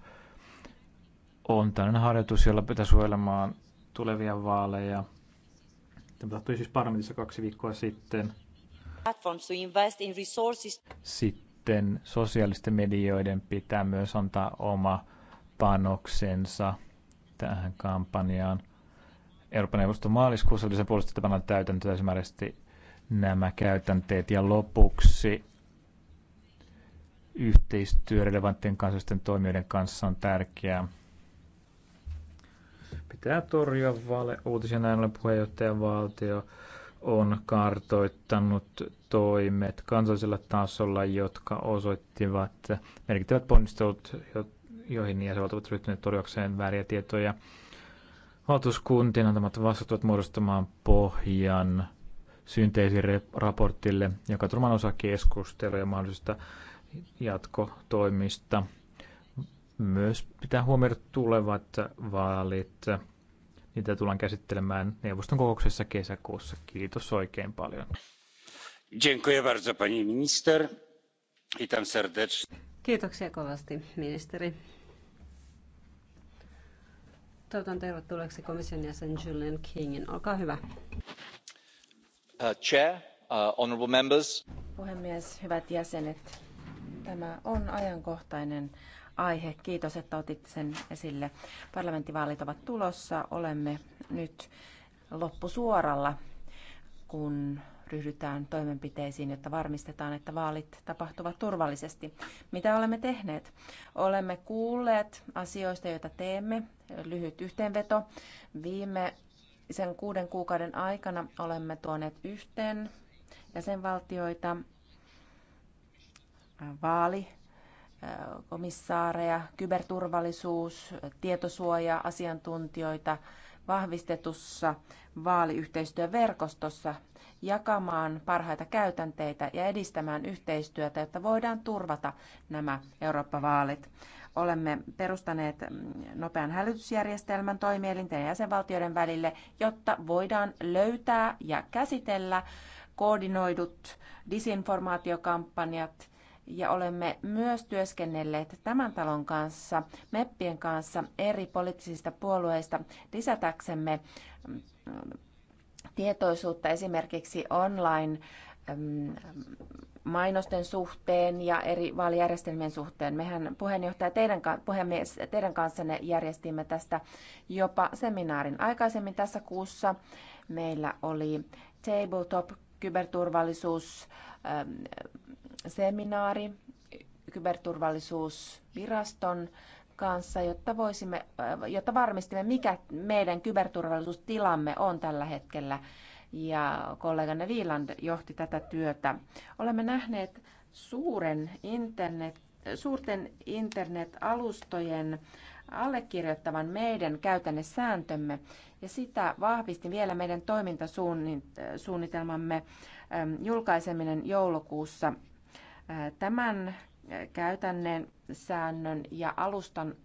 on tällainen harjoitus, jolla pitää suojelemaan tulevia vaaleja. Tämä tapahtui siis parlamentissa kaksi viikkoa sitten. Sitten sosiaalisten medioiden pitää myös antaa oma panoksensa tähän kampanjaan. Euroopan neuvoston maaliskuussa oli sen puolesta panna täytäntöön esimerkiksi nämä käytänteet. Ja lopuksi yhteistyö relevanttien kansallisten toimijoiden kanssa on tärkeää pitää torjua vale. Uutisen näin ollen puheenjohtajan valtio on kartoittanut toimet kansallisella tasolla, jotka osoittivat merkittävät ponnistelut, joihin jäsenvaltiot ovat ryhtyneet torjakseen vääriä tietoja. Valtuuskuntien antamat vastuut muodostamaan pohjan synteesiraportille, joka turman osa ja mahdollisista jatkotoimista myös pitää huomioida tulevat vaalit. Niitä tullaan käsittelemään neuvoston kokouksessa kesäkuussa. Kiitos oikein paljon. Dziękuję bardzo, pani minister. Witam serdecznie. Kiitoksia kovasti, ministeri. Toivotan tervetulleeksi komission jäsen Julian Kingin. Olkaa hyvä. Uh, chair, uh, honorable members. Puhemies, hyvät jäsenet. Tämä on ajankohtainen aihe. Kiitos, että otit sen esille. Parlamenttivaalit ovat tulossa. Olemme nyt loppusuoralla, kun ryhdytään toimenpiteisiin, jotta varmistetaan, että vaalit tapahtuvat turvallisesti. Mitä olemme tehneet? Olemme kuulleet asioista, joita teemme. Lyhyt yhteenveto. Viime sen kuuden kuukauden aikana olemme tuoneet yhteen jäsenvaltioita vaali komissaareja, kyberturvallisuus, tietosuoja-asiantuntijoita vahvistetussa vaaliyhteistyöverkostossa jakamaan parhaita käytänteitä ja edistämään yhteistyötä, jotta voidaan turvata nämä Eurooppa-vaalit. Olemme perustaneet mm, nopean hälytysjärjestelmän toimielinten ja jäsenvaltioiden välille, jotta voidaan löytää ja käsitellä koordinoidut disinformaatiokampanjat – ja olemme myös työskennelleet tämän talon kanssa, meppien kanssa eri poliittisista puolueista lisätäksemme mm, tietoisuutta esimerkiksi online mm, mainosten suhteen ja eri vaalijärjestelmien suhteen. Mehän puheenjohtaja teidän, puhemies, teidän kanssanne järjestimme tästä jopa seminaarin aikaisemmin tässä kuussa. Meillä oli tabletop kyberturvallisuus seminaari kyberturvallisuusviraston kanssa, jotta, voisimme, äh, jotta varmistimme, mikä meidän kyberturvallisuustilamme on tällä hetkellä. Ja kolleganne Viiland johti tätä työtä. Olemme nähneet suuren internet, suurten internet-alustojen allekirjoittavan meidän käytännesääntömme ja sitä vahvisti vielä meidän toimintasuunnitelmamme julkaiseminen joulukuussa Tämän käytännön säännön ja alustan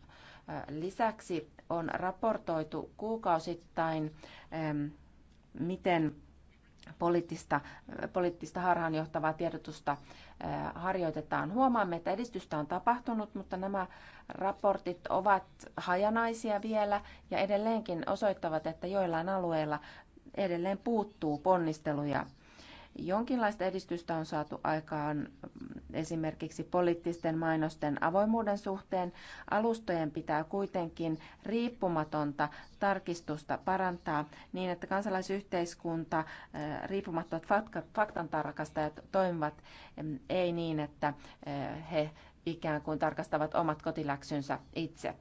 lisäksi on raportoitu kuukausittain, miten poliittista, poliittista harhaanjohtavaa tiedotusta harjoitetaan. Huomaamme, että edistystä on tapahtunut, mutta nämä raportit ovat hajanaisia vielä ja edelleenkin osoittavat, että joillain alueilla edelleen puuttuu ponnisteluja Jonkinlaista edistystä on saatu aikaan mm, esimerkiksi poliittisten mainosten avoimuuden suhteen. Alustojen pitää kuitenkin riippumatonta tarkistusta parantaa niin, että kansalaisyhteiskunta, äh, riippumattomat faktantarkastajat toimivat, mm, ei niin, että äh, he ikään kuin tarkastavat omat kotiläksynsä itse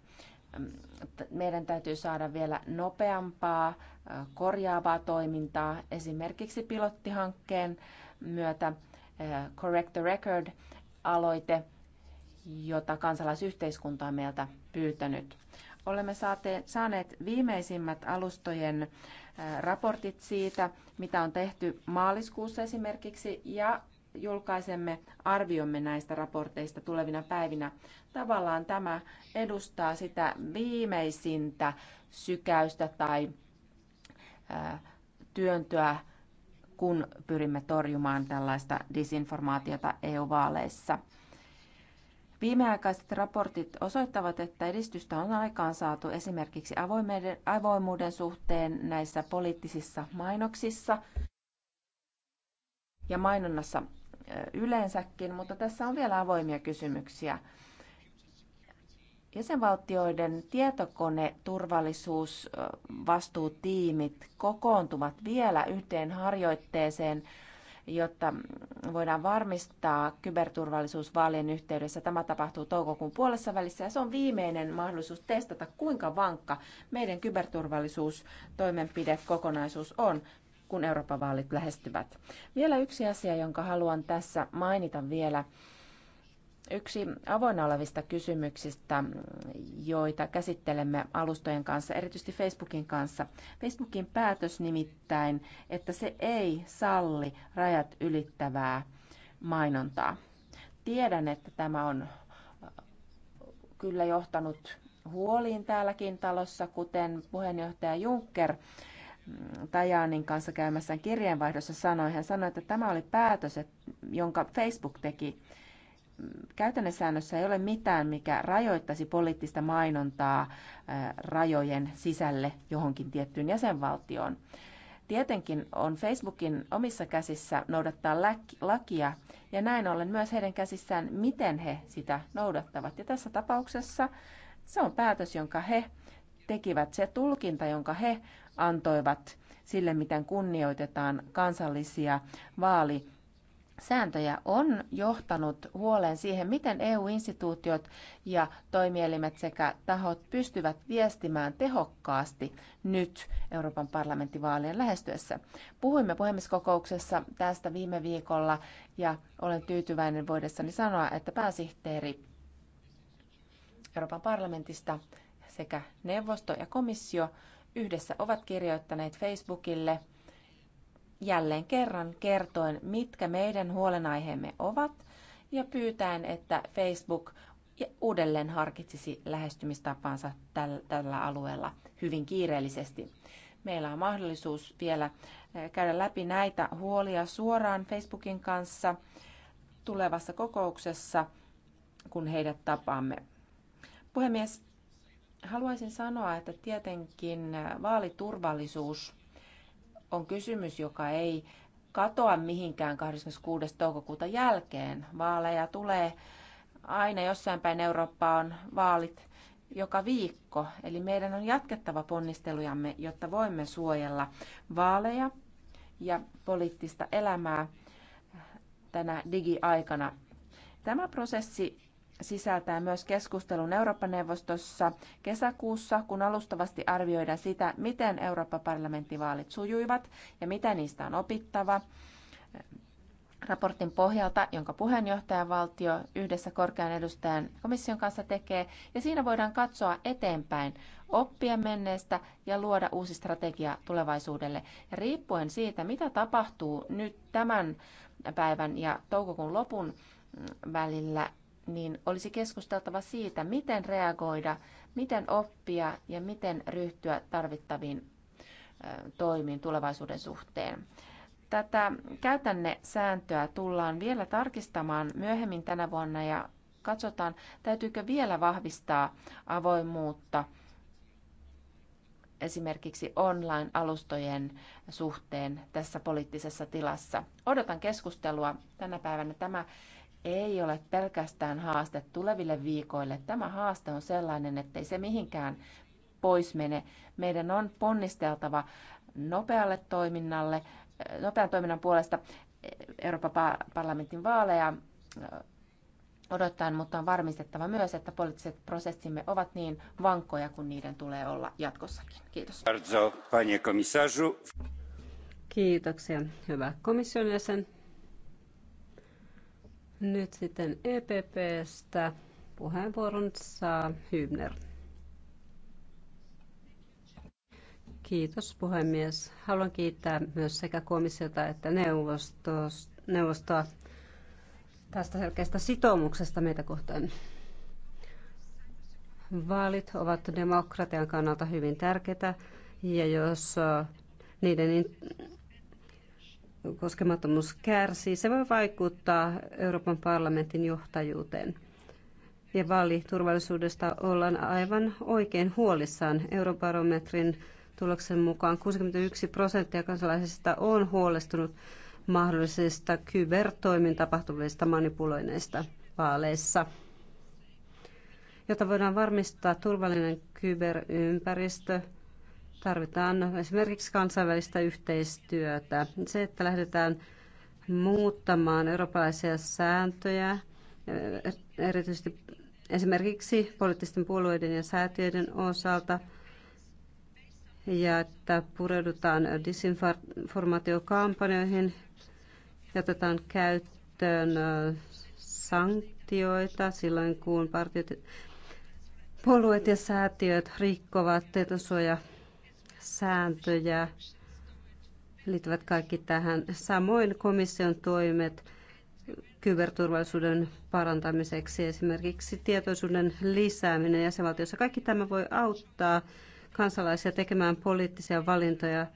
meidän täytyy saada vielä nopeampaa korjaavaa toimintaa esimerkiksi pilottihankkeen myötä Correct the Record-aloite, jota kansalaisyhteiskunta on meiltä pyytänyt. Olemme saaneet viimeisimmät alustojen raportit siitä, mitä on tehty maaliskuussa esimerkiksi, ja julkaisemme arviomme näistä raporteista tulevina päivinä. Tavallaan tämä edustaa sitä viimeisintä sykäystä tai työntöä, kun pyrimme torjumaan tällaista disinformaatiota EU-vaaleissa. Viimeaikaiset raportit osoittavat, että edistystä on aikaan saatu esimerkiksi avoimuuden suhteen näissä poliittisissa mainoksissa ja mainonnassa yleensäkin, mutta tässä on vielä avoimia kysymyksiä. Jäsenvaltioiden tietokoneturvallisuusvastuutiimit kokoontuvat vielä yhteen harjoitteeseen, jotta voidaan varmistaa kyberturvallisuusvaalien yhteydessä. Tämä tapahtuu toukokuun puolessa välissä ja se on viimeinen mahdollisuus testata, kuinka vankka meidän kyberturvallisuustoimenpidekokonaisuus on kun Euroopan vaalit lähestyvät. Vielä yksi asia, jonka haluan tässä mainita vielä. Yksi avoinna olevista kysymyksistä, joita käsittelemme alustojen kanssa, erityisesti Facebookin kanssa. Facebookin päätös nimittäin, että se ei salli rajat ylittävää mainontaa. Tiedän, että tämä on äh, kyllä johtanut huoliin täälläkin talossa, kuten puheenjohtaja Juncker Tajanin kanssa käymässään kirjeenvaihdossa sanoi. Hän sanoi, että tämä oli päätös, jonka Facebook teki. käytännössä, ei ole mitään, mikä rajoittaisi poliittista mainontaa rajojen sisälle johonkin tiettyyn jäsenvaltioon. Tietenkin on Facebookin omissa käsissä noudattaa lakia ja näin ollen myös heidän käsissään, miten he sitä noudattavat. Ja tässä tapauksessa se on päätös, jonka he tekivät, se tulkinta, jonka he antoivat sille, miten kunnioitetaan kansallisia vaali sääntöjä on johtanut huoleen siihen, miten EU-instituutiot ja toimielimet sekä tahot pystyvät viestimään tehokkaasti nyt Euroopan parlamenttivaalien lähestyessä. Puhuimme puhemiskokouksessa tästä viime viikolla ja olen tyytyväinen voidessani sanoa, että pääsihteeri Euroopan parlamentista sekä neuvosto ja komissio yhdessä ovat kirjoittaneet Facebookille jälleen kerran kertoen, mitkä meidän huolenaiheemme ovat ja pyytäen, että Facebook uudelleen harkitsisi lähestymistapaansa tällä alueella hyvin kiireellisesti. Meillä on mahdollisuus vielä käydä läpi näitä huolia suoraan Facebookin kanssa tulevassa kokouksessa, kun heidät tapaamme. Puhemies, haluaisin sanoa, että tietenkin vaaliturvallisuus on kysymys, joka ei katoa mihinkään 26. toukokuuta jälkeen. Vaaleja tulee aina jossain päin Eurooppaa on vaalit joka viikko, eli meidän on jatkettava ponnistelujamme, jotta voimme suojella vaaleja ja poliittista elämää tänä digiaikana. Tämä prosessi sisältää myös keskustelun Eurooppa-neuvostossa kesäkuussa, kun alustavasti arvioidaan sitä, miten Eurooppa-parlamenttivaalit sujuivat ja mitä niistä on opittava. Raportin pohjalta, jonka puheenjohtajavaltio yhdessä korkean edustajan komission kanssa tekee, ja siinä voidaan katsoa eteenpäin, oppia menneestä ja luoda uusi strategia tulevaisuudelle. Ja riippuen siitä, mitä tapahtuu nyt tämän päivän ja toukokuun lopun välillä, niin olisi keskusteltava siitä, miten reagoida, miten oppia ja miten ryhtyä tarvittaviin toimiin tulevaisuuden suhteen. Tätä käytänne sääntöä tullaan vielä tarkistamaan myöhemmin tänä vuonna ja katsotaan, täytyykö vielä vahvistaa avoimuutta esimerkiksi online-alustojen suhteen tässä poliittisessa tilassa. Odotan keskustelua tänä päivänä. Tämä ei ole pelkästään haaste tuleville viikoille. Tämä haaste on sellainen, ettei se mihinkään pois mene. Meidän on ponnisteltava nopealle toiminnalle, nopean toiminnan puolesta Euroopan parlamentin vaaleja odottaen, mutta on varmistettava myös, että poliittiset prosessimme ovat niin vankkoja kuin niiden tulee olla jatkossakin. Kiitos. Kiitoksia, hyvä komission jäsen. Nyt sitten EPPstä puheenvuoron saa Hybner. Kiitos puhemies. Haluan kiittää myös sekä komissiota että neuvostoa tästä selkeästä sitoumuksesta meitä kohtaan. Vaalit ovat demokratian kannalta hyvin tärkeitä ja jos äh, niiden koskemattomuus kärsii, se voi vaikuttaa Euroopan parlamentin johtajuuteen. Ja vaaliturvallisuudesta ollaan aivan oikein huolissaan. Eurobarometrin tuloksen mukaan 61 prosenttia kansalaisista on huolestunut mahdollisista kybertoimin tapahtuvista manipuloineista vaaleissa. Jotta voidaan varmistaa turvallinen kyberympäristö, Tarvitaan esimerkiksi kansainvälistä yhteistyötä. Se, että lähdetään muuttamaan eurooppalaisia sääntöjä, erityisesti esimerkiksi poliittisten puolueiden ja säätiöiden osalta, ja että pureudutaan disinformaatiokampanjoihin ja otetaan käyttöön sanktioita silloin, kun partiot, puolueet ja säätiöt rikkovat tietosuoja sääntöjä liittyvät kaikki tähän. Samoin komission toimet kyberturvallisuuden parantamiseksi, esimerkiksi tietoisuuden lisääminen jäsenvaltiossa. Kaikki tämä voi auttaa kansalaisia tekemään poliittisia valintoja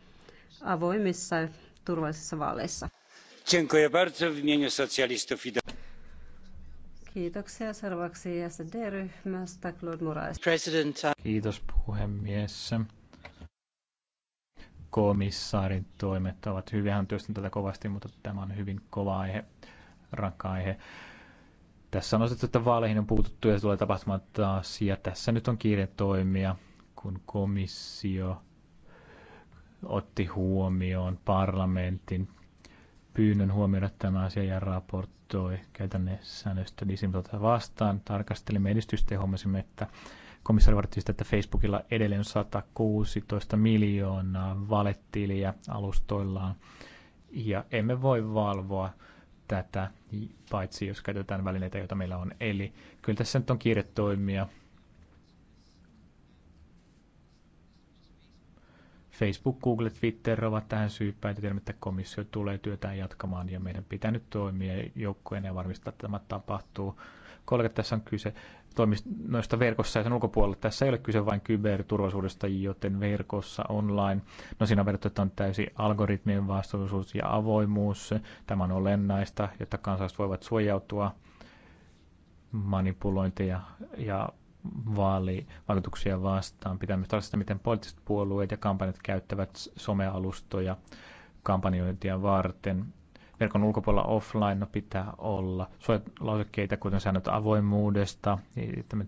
avoimissa ja turvallisissa vaaleissa. Kiitoksia. Seuraavaksi SD-ryhmästä Claude Moraes. Kiitos puhemies komissaarin toimet ovat hyviä. Hän työstän tätä kovasti, mutta tämä on hyvin kova aihe, rankka aihe. Tässä on osoitettu, että vaaleihin on puututtu ja se tulee tapahtumaan taas. Ja tässä nyt on kiire toimia, kun komissio otti huomioon parlamentin pyynnön huomioida tämä asia ja raportoi käytännössä säännöstä niin vastaan. Tarkastelimme edistystä ja huomasimme, että komissaari varoitti sitä, että Facebookilla edelleen 116 miljoonaa valettiliä alustoillaan. Ja emme voi valvoa tätä, paitsi jos käytetään välineitä, joita meillä on. Eli kyllä tässä nyt on kiire toimia. Facebook, Google, Twitter ovat tähän syypäitä. Tiedämme, että komissio tulee työtään jatkamaan ja meidän pitää nyt toimia joukkojen ja varmistaa, että tämä tapahtuu kollegat, tässä on kyse toimistoista verkossa ja sen ulkopuolella. Tässä ei ole kyse vain kyberturvallisuudesta, joten verkossa online. No siinä on verrattu, että on täysi algoritmien vastuullisuus ja avoimuus. Tämä on olennaista, jotta kansalaiset voivat suojautua manipulointeja ja vaalivaikutuksia vastaan. Pitää myös tarkastella, miten poliittiset puolueet ja kampanjat käyttävät somealustoja kampanjointia varten verkon ulkopuolella offline pitää olla lausekkeita kuten säännöt avoimuudesta, niin että me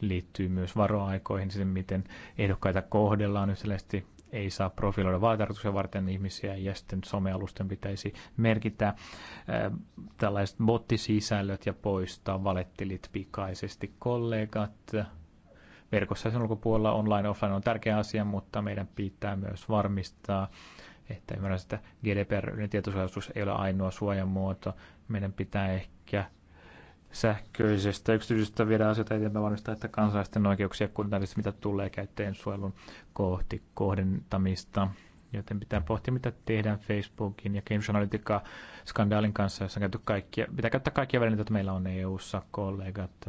liittyy myös varoaikoihin, sen siis miten ehdokkaita kohdellaan yhtäläisesti ei saa profiloida vaalitarkoituksia varten ihmisiä ja sitten somealusten pitäisi merkitä äh, tällaiset bottisisällöt ja poistaa valettelit pikaisesti kollegat. Verkossa sen ulkopuolella online offline on tärkeä asia, mutta meidän pitää myös varmistaa, että ymmärrän, että GDPR, yleinen tietosuojaisuus, ei ole ainoa suojamuoto. Meidän pitää ehkä sähköisestä yksityisestä viedä asioita eteenpäin varmistaa, että kansalaisten oikeuksia kunnioitetaan, mitä tulee käyttäjän suojelun kohti kohdentamista. Joten pitää pohtia, mitä tehdään Facebookin ja Cambridge Analytica skandaalin kanssa, jossa on käyty kaikkia, pitää käyttää kaikkia välineitä, että meillä on EU-ssa, kollegat.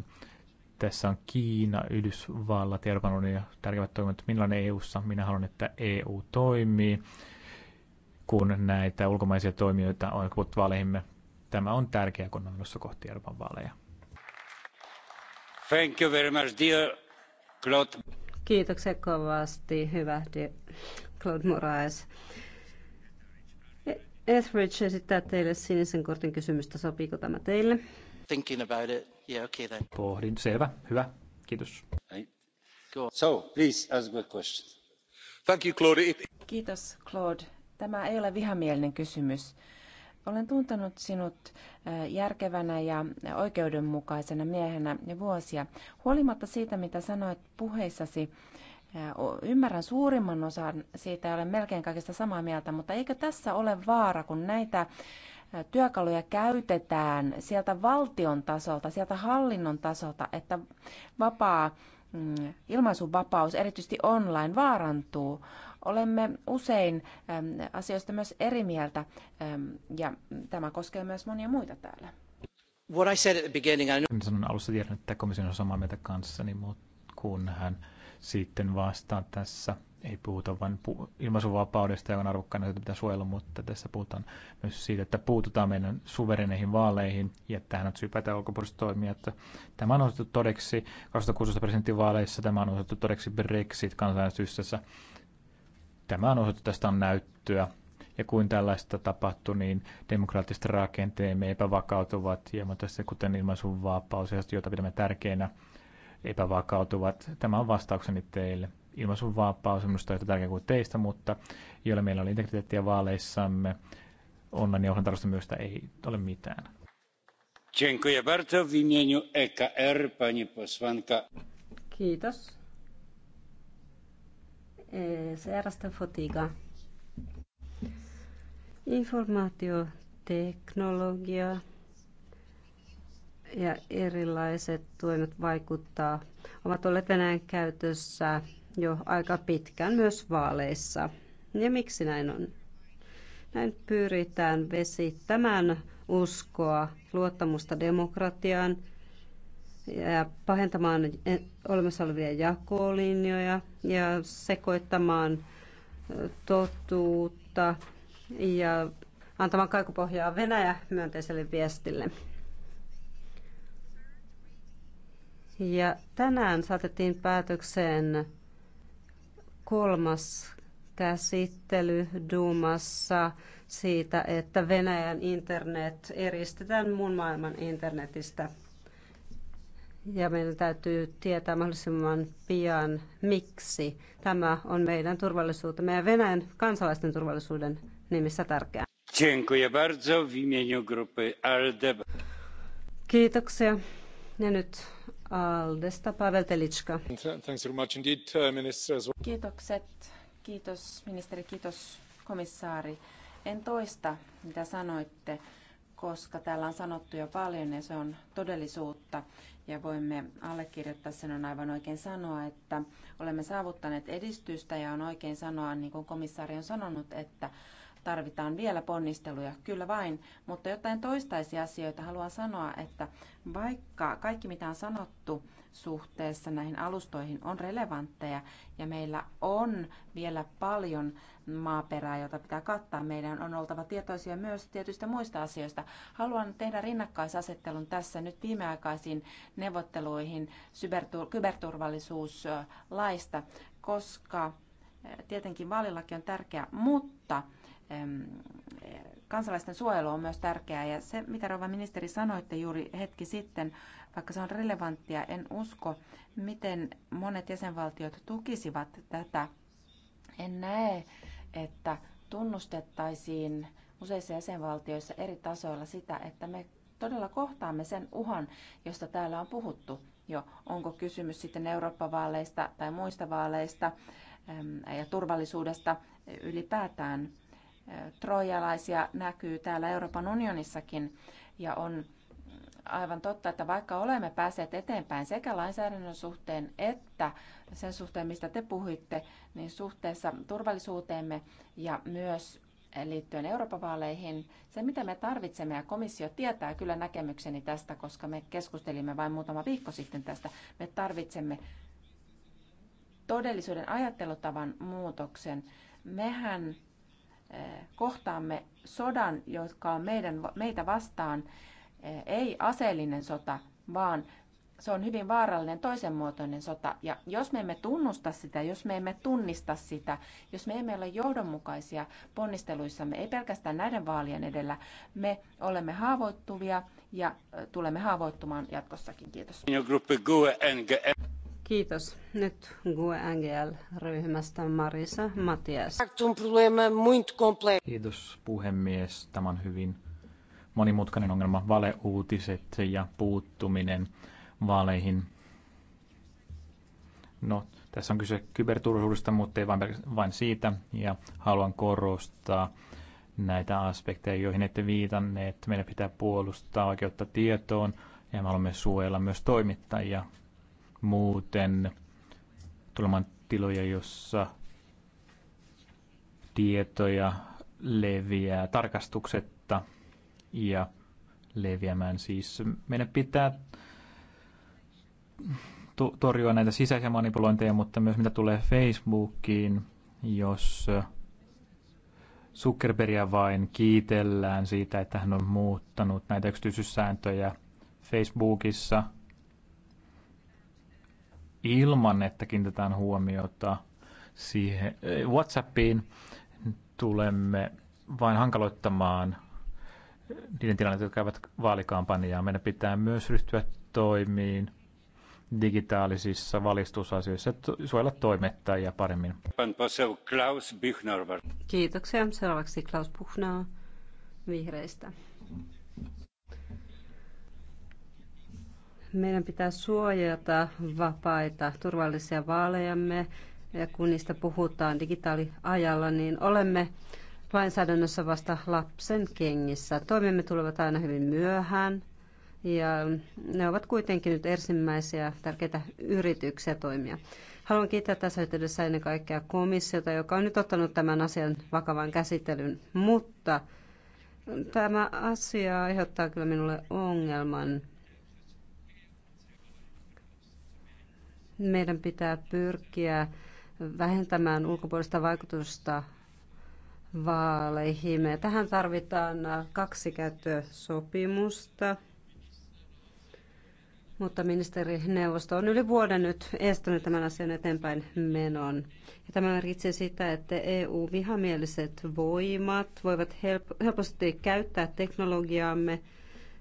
Tässä on Kiina, Yhdysvallat, Euroopan unioni ja tärkeät toimijat. Millainen EU-ssa? Minä haluan, että EU toimii kun näitä ulkomaisia toimijoita on kuvattu vaaleihimme. Tämä on tärkeä kun on menossa kohti Euroopan vaaleja. Thank you very much, dear Claude. Kiitoksia kovasti, hyvä Claude Moraes. Etheridge esittää teille sinisen kortin kysymystä. Sopiiko tämä teille? Thinking about it. Yeah, okay then. Pohdin. Selvä. Hyvä. Kiitos. So, please ask the question. Thank you, Claude. Kiitos, Claude Tämä ei ole vihamielinen kysymys. Olen tuntenut sinut järkevänä ja oikeudenmukaisena miehenä vuosia. Huolimatta siitä, mitä sanoit puheissasi, Ymmärrän suurimman osan siitä ja olen melkein kaikista samaa mieltä, mutta eikö tässä ole vaara, kun näitä työkaluja käytetään sieltä valtion tasolta, sieltä hallinnon tasolta, että vapaa Mm, ilmaisuvapaus, erityisesti online, vaarantuu. Olemme usein asioista myös eri mieltä ja tämä koskee myös monia muita täällä. What I said at the beginning, I know... Niin sanon alussa tiedän, että komission on samaa mieltä kanssani, mutta kun hän sitten vastaa tässä ei puhuta vain pu- ilmaisuvapaudesta, joka on arvokkaana, jota pitää suojella, mutta tässä puhutaan myös siitä, että puututaan meidän suvereneihin vaaleihin ja tähän on syypäätä ulkopuolista toimia. Että tämä on osoitettu todeksi 2016 presidentinvaaleissa, tämä on osoitettu todeksi Brexit kansanäänestyksessä. Tämä on osoitettu, tästä on näyttöä. Ja kuin tällaista tapahtuu, niin demokraattiset rakenteemme epävakautuvat, ja tässä kuten ilmaisuvapaus, vapaus, jota pidämme tärkeänä, epävakautuvat. Tämä on vastaukseni teille ilmaisuvapaus on minusta yhtä tärkeä kuin teistä, mutta joilla meillä oli integriteettiä vaaleissamme, onnan ja ohjantarvosta myös ei ole mitään. Dziękuję bardzo. W imieniu EKR pani posłanka. Kiitos. Seerasta Fotiga. Informaatioteknologia ja erilaiset toimet vaikuttaa ovat olleet Venäjän käytössä jo aika pitkään myös vaaleissa. Ja miksi näin on? Näin pyritään vesittämään uskoa, luottamusta demokratiaan ja pahentamaan olemassa olevia jakolinjoja ja sekoittamaan totuutta ja antamaan kaikupohjaa Venäjä myönteiselle viestille. Ja tänään saatettiin päätökseen kolmas käsittely Duumassa siitä, että Venäjän internet eristetään muun maailman internetistä. Ja meidän täytyy tietää mahdollisimman pian, miksi tämä on meidän turvallisuutemme ja Venäjän kansalaisten turvallisuuden nimissä tärkeää. Kiitoksia. Ja nyt Aldesta Pavel uh, Kiitos ministeri, kiitos komissaari. En toista, mitä sanoitte, koska täällä on sanottu jo paljon ja se on todellisuutta. Ja voimme allekirjoittaa sen on aivan oikein sanoa, että olemme saavuttaneet edistystä ja on oikein sanoa, niin kuin komissaari on sanonut, että tarvitaan vielä ponnisteluja, kyllä vain, mutta jotain toistaisia asioita haluan sanoa, että vaikka kaikki mitä on sanottu suhteessa näihin alustoihin on relevantteja ja meillä on vielä paljon maaperää, jota pitää kattaa, meidän on oltava tietoisia myös tietyistä muista asioista. Haluan tehdä rinnakkaisasettelun tässä nyt viimeaikaisiin neuvotteluihin kyberturvallisuuslaista, koska eh, tietenkin vaalilaki on tärkeä, mutta kansalaisten suojelu on myös tärkeää. Ja se, mitä Rova ministeri sanoitte juuri hetki sitten, vaikka se on relevanttia, en usko, miten monet jäsenvaltiot tukisivat tätä. En näe, että tunnustettaisiin useissa jäsenvaltioissa eri tasoilla sitä, että me todella kohtaamme sen uhan, josta täällä on puhuttu jo. Onko kysymys sitten Eurooppa-vaaleista tai muista vaaleista ja turvallisuudesta ylipäätään – trojalaisia näkyy täällä Euroopan unionissakin ja on aivan totta, että vaikka olemme päässeet eteenpäin sekä lainsäädännön suhteen että sen suhteen, mistä te puhuitte, niin suhteessa turvallisuuteemme ja myös liittyen Euroopan vaaleihin, se mitä me tarvitsemme ja komissio tietää kyllä näkemykseni tästä, koska me keskustelimme vain muutama viikko sitten tästä, me tarvitsemme todellisuuden ajattelutavan muutoksen. Mehän kohtaamme sodan, joka on meidän, meitä vastaan, ei aseellinen sota, vaan se on hyvin vaarallinen toisen muotoinen sota. Ja jos me emme tunnusta sitä, jos me emme tunnista sitä, jos me emme ole johdonmukaisia ponnisteluissamme, ei pelkästään näiden vaalien edellä, me olemme haavoittuvia ja tulemme haavoittumaan jatkossakin. Kiitos. Kiitos. Nyt GUE-NGL-ryhmästä Marisa Matias. Um Kiitos puhemies. Tämä on hyvin monimutkainen ongelma. Valeuutiset ja puuttuminen vaaleihin. No, tässä on kyse kyberturvallisuudesta, mutta ei vain, vain siitä. Ja haluan korostaa näitä aspekteja, joihin ette viitanneet. Meidän pitää puolustaa oikeutta tietoon ja me haluamme suojella myös toimittajia muuten tulemaan tiloja, jossa tietoja leviää tarkastuksetta ja leviämään. Siis meidän pitää torjua näitä sisäisiä manipulointeja, mutta myös mitä tulee Facebookiin, jos Zuckerbergia vain kiitellään siitä, että hän on muuttanut näitä yksityisyyssääntöjä Facebookissa – ilman, että kiinnitetään huomiota siihen eh, WhatsAppiin, tulemme vain hankaloittamaan niiden tilanteet, jotka käyvät vaalikampanjaa. Meidän pitää myös ryhtyä toimiin digitaalisissa valistusasioissa suojella toimittajia paremmin. Klaus Kiitoksia. Seuraavaksi Klaus Buchner vihreistä. Meidän pitää suojata vapaita, turvallisia vaalejamme ja kun niistä puhutaan digitaaliajalla, niin olemme lainsäädännössä vasta lapsen kengissä. Toimemme tulevat aina hyvin myöhään ja ne ovat kuitenkin nyt ensimmäisiä tärkeitä yrityksiä toimia. Haluan kiittää tässä yhteydessä ennen kaikkea komissiota, joka on nyt ottanut tämän asian vakavan käsittelyn, mutta tämä asia aiheuttaa kyllä minulle ongelman. Meidän pitää pyrkiä vähentämään ulkopuolista vaikutusta vaaleihin. tähän tarvitaan kaksi käyttösopimusta. mutta ministerineuvosto on yli vuoden nyt estänyt tämän asian eteenpäin menon. Ja tämä merkitsee sitä, että EU-vihamieliset voimat voivat helposti käyttää teknologiaamme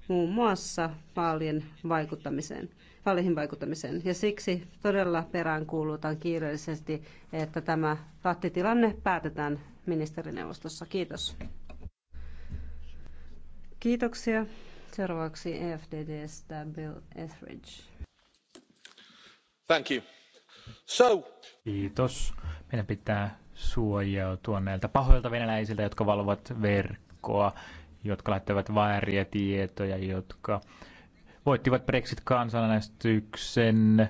muun muassa vaalien vaikuttamiseen vaaleihin vaikuttamiseen. Ja siksi todella peräänkuulutan kiireellisesti, että tämä pattitilanne päätetään ministerineuvostossa. Kiitos. Kiitoksia. Seuraavaksi EFDDstä Bill Etheridge. Thank you. So. Kiitos. Meidän pitää suojautua näiltä pahoilta venäläisiltä, jotka valvovat verkkoa, jotka lähettävät vääriä tietoja, jotka voittivat Brexit-kansanäänestyksen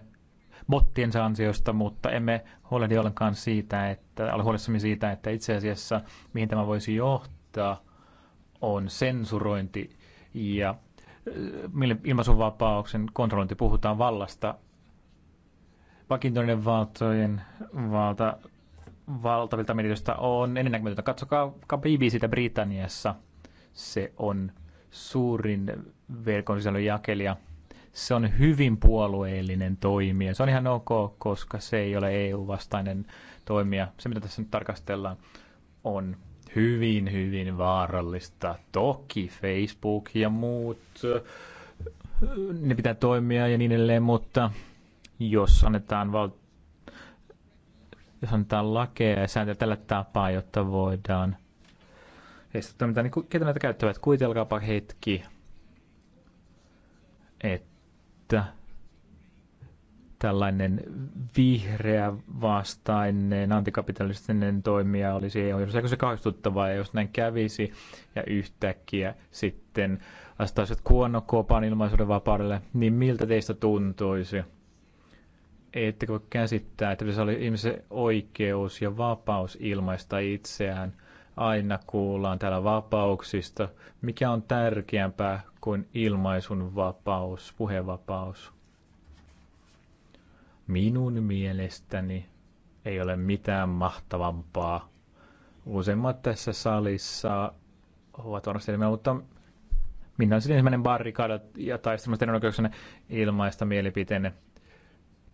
bottiensa ansiosta, mutta emme huolehdi ollenkaan siitä, että ole huolissamme siitä, että itse asiassa mihin tämä voisi johtaa, on sensurointi ja ilmaisuvapauksen kontrollointi. Puhutaan vallasta, vakiintuneiden valtojen valta valtavilta mediasta on ennennäkemätöntä. Katsokaa BBC Britanniassa. Se on suurin verkon sisällön jakelija. Se on hyvin puolueellinen toimija. Se on ihan ok, koska se ei ole EU-vastainen toimija. Se, mitä tässä nyt tarkastellaan, on hyvin, hyvin vaarallista. Toki Facebook ja muut, ne pitää toimia ja niin edelleen, mutta jos annetaan val- jos annetaan lakeja ja sääntöjä tällä tapaa, jotta voidaan toimintaa, niin ketä näitä käyttävät? Kuvitelkaapa hetki, että tällainen vihreä vastainen antikapitalistinen toimija olisi e ei jos se kahdistuttavaa ja jos näin kävisi ja yhtäkkiä sitten astaisit kuonokuopan ilmaisuuden vapaudelle, niin miltä teistä tuntuisi? Ettekö voi käsittää, että se oli ihmisen oikeus ja vapaus ilmaista itseään – aina kuullaan täällä vapauksista. Mikä on tärkeämpää kuin ilmaisun vapaus, puhevapaus? Minun mielestäni ei ole mitään mahtavampaa. Useimmat tässä salissa ovat varmasti enemmän, mutta minä olen sitten ensimmäinen barrikada ja taistelemassa teidän oikeuksenne ilmaista mielipiteenne.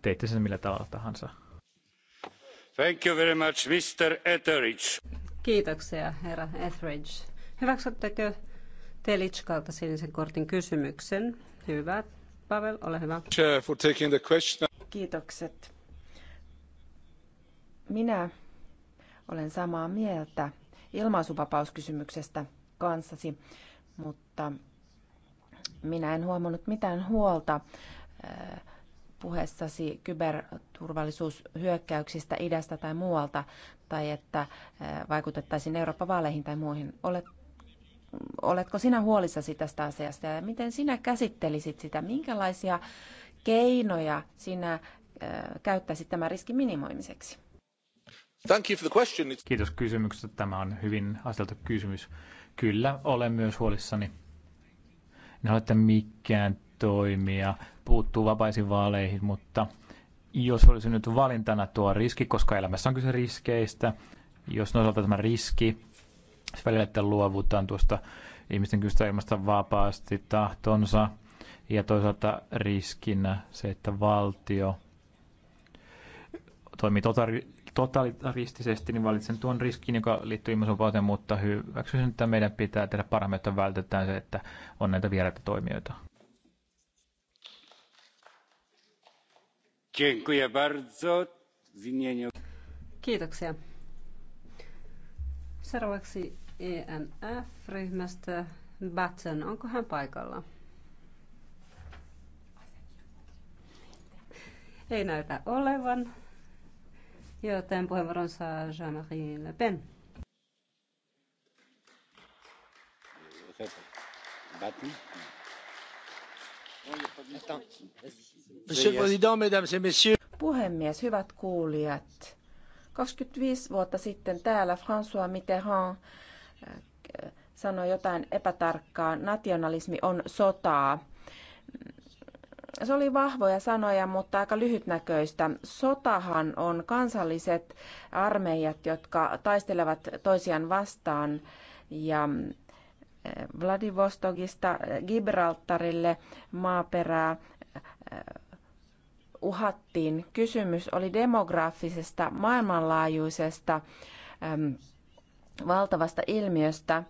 Teitte sen millä tavalla tahansa. Thank you very much, Mr. Etheridge. Kiitoksia, herra Etheridge. Hyväksyttekö Telitskalta sinisen kortin kysymyksen? Hyvä. Pavel, ole hyvä. For taking the question. Kiitokset. Minä olen samaa mieltä ilmaisuvapauskysymyksestä kanssasi, mutta minä en huomannut mitään huolta äh, puheessasi kyberturvallisuushyökkäyksistä idästä tai muualta tai että vaikutettaisiin Euroopan vaaleihin tai muihin. Olet, oletko sinä huolissasi tästä asiasta ja miten sinä käsittelisit sitä? Minkälaisia keinoja sinä käyttäisit tämän riskin minimoimiseksi? Thank you for the question. Kiitos kysymyksestä. Tämä on hyvin asteltu kysymys. Kyllä, olen myös huolissani. En ole, että mikään toimia puuttuu vapaisiin vaaleihin, mutta jos olisi nyt valintana tuo riski, koska elämässä on kyse riskeistä, jos osalta tämä riski, välillä, että luovutaan tuosta ihmisten kyvystä ilmasta vapaasti tahtonsa, ja toisaalta riskinä se, että valtio toimii totalitaristisesti, niin valitsen tuon riskin, joka liittyy ilmaisuvapauteen, mutta hyväksyisin, että meidän pitää tehdä parhaamme, että vältetään se, että on näitä vieraita toimijoita. Kiitoksia. Seuraavaksi ENF-ryhmästä Batson. Onko hän paikalla? Ei näytä olevan, joten puheenvuoron saa Jean-Marie Le Pen. Button. Attends, vas-y. Puhemies, hyvät kuulijat. 25 vuotta sitten täällä François Mitterrand äh, sanoi jotain epätarkkaa. Nationalismi on sotaa. Se oli vahvoja sanoja, mutta aika lyhytnäköistä. Sotahan on kansalliset armeijat, jotka taistelevat toisiaan vastaan ja äh, Vladivostokista äh, Gibraltarille maaperää uhattiin. Kysymys oli demograafisesta maailmanlaajuisesta valtavasta ilmiöstä.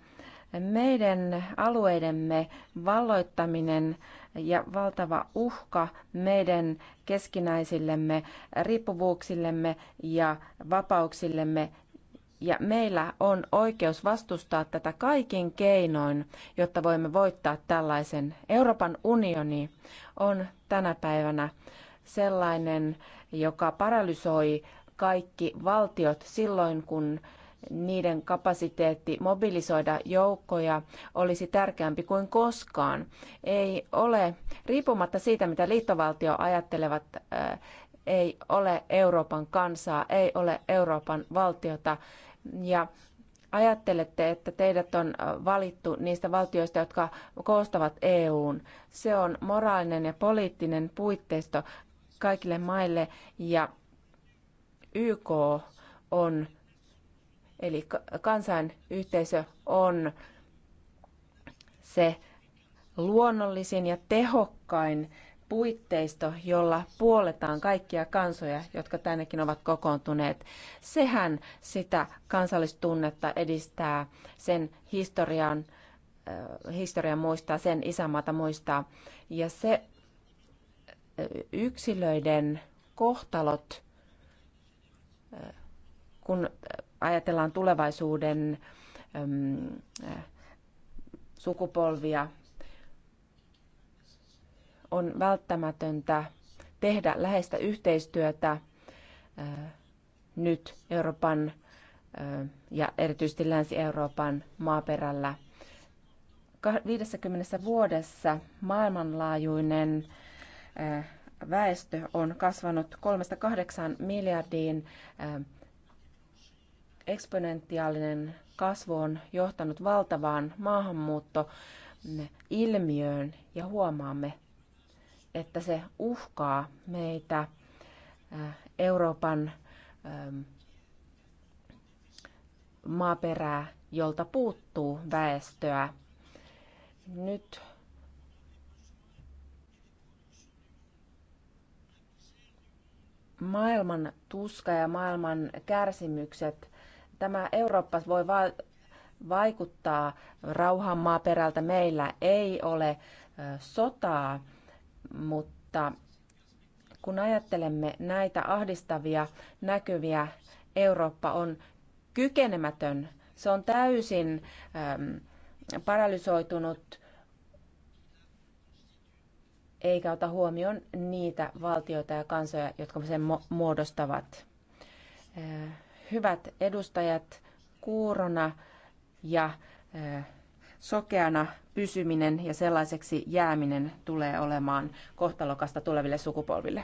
Meidän alueidemme valloittaminen ja valtava uhka meidän keskinäisillemme riippuvuuksillemme ja vapauksillemme ja meillä on oikeus vastustaa tätä kaikin keinoin, jotta voimme voittaa tällaisen. Euroopan unioni on tänä päivänä sellainen, joka paralysoi kaikki valtiot silloin, kun niiden kapasiteetti mobilisoida joukkoja olisi tärkeämpi kuin koskaan. Ei ole, riippumatta siitä mitä liittovaltio ajattelevat, ei ole Euroopan kansaa, ei ole Euroopan valtiota ja ajattelette, että teidät on äh, valittu niistä valtioista, jotka koostavat EUn. Se on moraalinen ja poliittinen puitteisto kaikille maille ja YK on, eli kansainyhteisö on se luonnollisin ja tehokkain puitteisto, jolla puoletaan kaikkia kansoja, jotka tännekin ovat kokoontuneet. Sehän sitä kansallistunnetta edistää, sen historian, historian muistaa, sen isämaata muistaa. Ja se yksilöiden kohtalot, kun ajatellaan tulevaisuuden sukupolvia on välttämätöntä tehdä läheistä yhteistyötä nyt Euroopan ja erityisesti Länsi-Euroopan maaperällä. 50 vuodessa maailmanlaajuinen väestö on kasvanut 3-8 miljardiin. Eksponentiaalinen kasvu on johtanut valtavaan maahanmuuttoilmiöön ja huomaamme että se uhkaa meitä äh, Euroopan ähm, maaperää, jolta puuttuu väestöä. Nyt maailman tuska ja maailman kärsimykset, tämä Eurooppa voi va- vaikuttaa rauhan maaperältä. Meillä ei ole äh, sotaa mutta kun ajattelemme näitä ahdistavia näkyviä, Eurooppa on kykenemätön. Se on täysin ähm, paralysoitunut eikä ota huomioon niitä valtioita ja kansoja, jotka sen muodostavat. Äh, hyvät edustajat, kuurona ja äh, sokeana pysyminen ja sellaiseksi jääminen tulee olemaan kohtalokasta tuleville sukupolville.